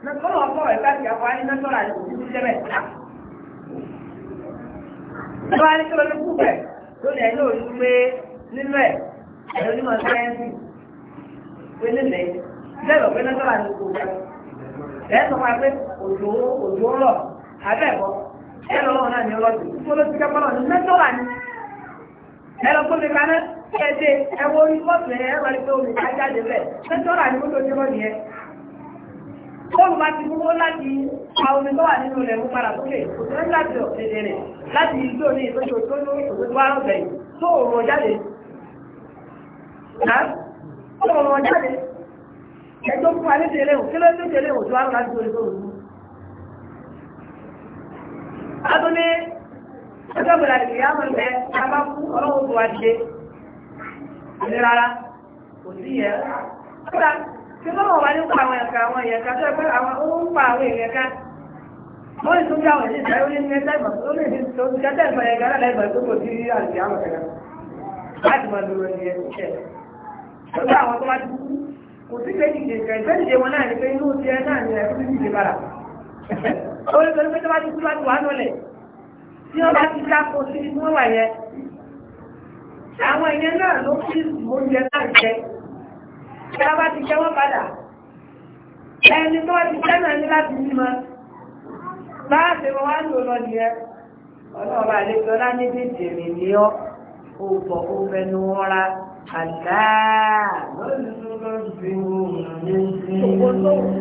lọ́wọ́ ọ̀pọ̀ ẹ̀ka ti àwọn ayé lọ́sọ̀rọ̀ àti òkú jẹ́bẹ̀. Ìjọba ní kílódé púpẹ̀ tó lẹ̀ ní òní pé nínú ẹ̀ ẹ̀rọ onímọ̀ sáyẹ́ǹsì pé nílẹ̀ lẹ́rọ̀ pé lọ́sọ̀rọ̀ àti òkú jẹ́bẹ̀. Lẹ́yìn tó máa pé òjò òjò rọ̀ abẹ́ẹ̀kọ́ ẹ̀rọ ọ̀hún náà ní ọlọ́dún tó ló ti kẹ́kọ̀ọ́ náà ní lọ́sọ̀rọ̀ àti ẹ̀rọ kó lè kaná ẹ̀dẹ̀ ẹ̀wọ̀ orí mọ́tò ẹ̀rọ ìfẹ́ omi ká jáde bẹ́ẹ̀ lọ́sọ̀rọ̀ àti kó tó jẹ́ Bọ́ọ̀lù bá ti kúrò láti àwọn omi nínú rẹ̀ mú padà sókè, kò láti ọ̀dẹ̀dẹ̀ rẹ̀ láti ìtọ́jú tó ní òṣèlú wá ọ̀bẹ̀ tó òòrùn jáde. Ẹjọ́ fún alẹ́ tẹ̀lé kí ló ń tẹ̀lé òun tó wá láti tí àwọn ẹ̀ka àwọn ẹ̀ka tó ó lé ní ẹgbẹ́ ìgbà lè ní tó ti ìgbà ẹ̀ka náà lẹ́gbẹ̀ẹ́ tó kò sí àti àwọn ẹ̀ka láti máa dúró ní ẹ̀kẹ́ tó bá àwọn tó wá ti kú kò sí pé ìdíje ìgbà ìgbà ìdíje wọn náà ní pé inú ti ẹ náà ní ẹ̀kú ìdíje bára ó lè tọ́jú pé tó bá ti kú láti wà nọlẹ̀ tí wọ́n bá ti dáko sí ibi tí wà yẹn àwọn ìyẹn náà ló fi oúnjẹ náà jẹ ẹ̀rọ bá ti jẹ́wọ́ padà ẹni tó ti tẹ́nà ní láti mímọ́ láàṣẹ wọn wá ń lò lọ́dí ẹ ọlọ́ọ̀bà àlejò ọlá ní bèjì mi ní ọ́ òbọ̀ òmẹnu ọra àdá òkò tó ń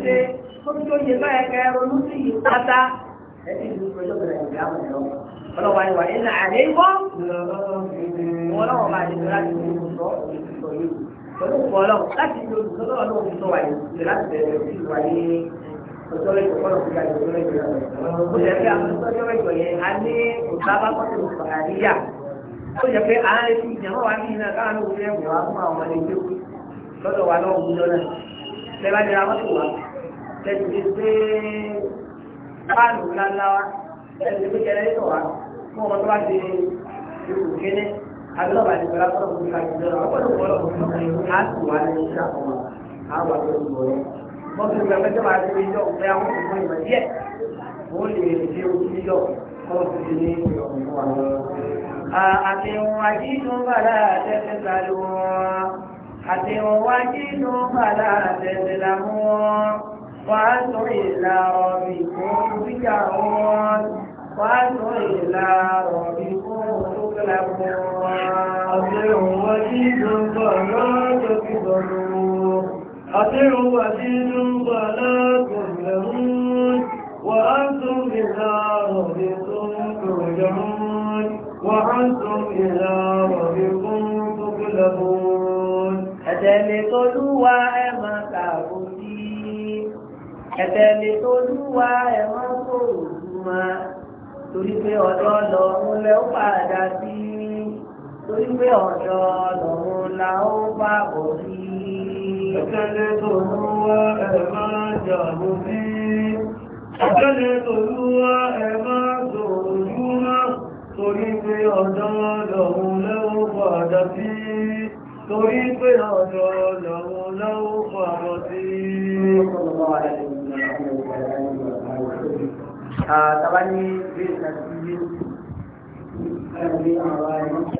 ṣe tó ń tó yẹ báyẹ kẹ ronú ìwà pẹ̀lú ọ̀pọ̀ ọlọ́run láti fi olùsọ́lọ́ ọlọ́run sọ wáyé ìṣẹ̀lẹ̀ láti bẹ̀rẹ̀ sí ìwà ní ọjọ́ ìjọ kọ́lọ̀ fún ìgbàlejò ọjọ́ ìjọ ó yẹ pé àwọn ọjọ́ ìjọ yẹn a ní òtábà kọ́tù àríyá ó yẹ pé a ń retí ìjàmọ́ wa ní iná káwọn olùkọ́ yẹn wà fún àwọn ọmọdé tó lọ́dọ̀ wa náà wúlọ náà lẹ́bàá nira mọ́tò wa lẹ́tù ti pé páànù ńláńlá wa lẹ́tù ti pé jẹrẹ àbílọ̀ bá ti gbọ́dọ̀ fọ́nà fún ìfàjìlẹ̀ rẹ̀ ọ̀pọ̀lọpọ̀ ọ̀pọ̀lọpọ̀ fún ìfàjìlẹ̀ á sì wà ní ìṣẹ́ àwọn àwọn àti olùgbò rẹ̀. wọ́n ti gbà pẹ́jọ́ máa ti yọ ọ̀pẹ́ àwọn òṣìṣẹ́ ìmọ̀ díẹ̀ ó lè di ojú yíyọ kọ́ sí ti ní ọ̀pọ̀ àwọn. àtẹ̀wọ̀n àjíǹdùn bàdà وأنتم إلى ربكم تقلبون أطيعوا وزيدوا فلا تكذبوا أطيعوا وزيدوا فلا تظلمون وأنتم إلى ربكم ترجعون وأنتم إلى ربكم تقلبون أتلي قلوا أما تعبدين أتلي قلوا أما تعبدين torí pé ọ̀dọ́ lọ́run lẹ́ ó padà sí torí pé ọ̀dọ́ lọ́run la ó bá bọ̀ sí. Ẹ̀kẹ́lẹ́ tó ló wá ẹ̀ máa jà ló bí. Ẹ̀kẹ́lẹ́ tó ló wá ẹ̀ máa sòrò júmọ́ torí pé ọ̀dọ́ lọ́run lẹ́ ó padà sí. Torí pé ọ̀dọ́ lọ́run lẹ́ ó padà sí tàbá ní bí ìsàkí bí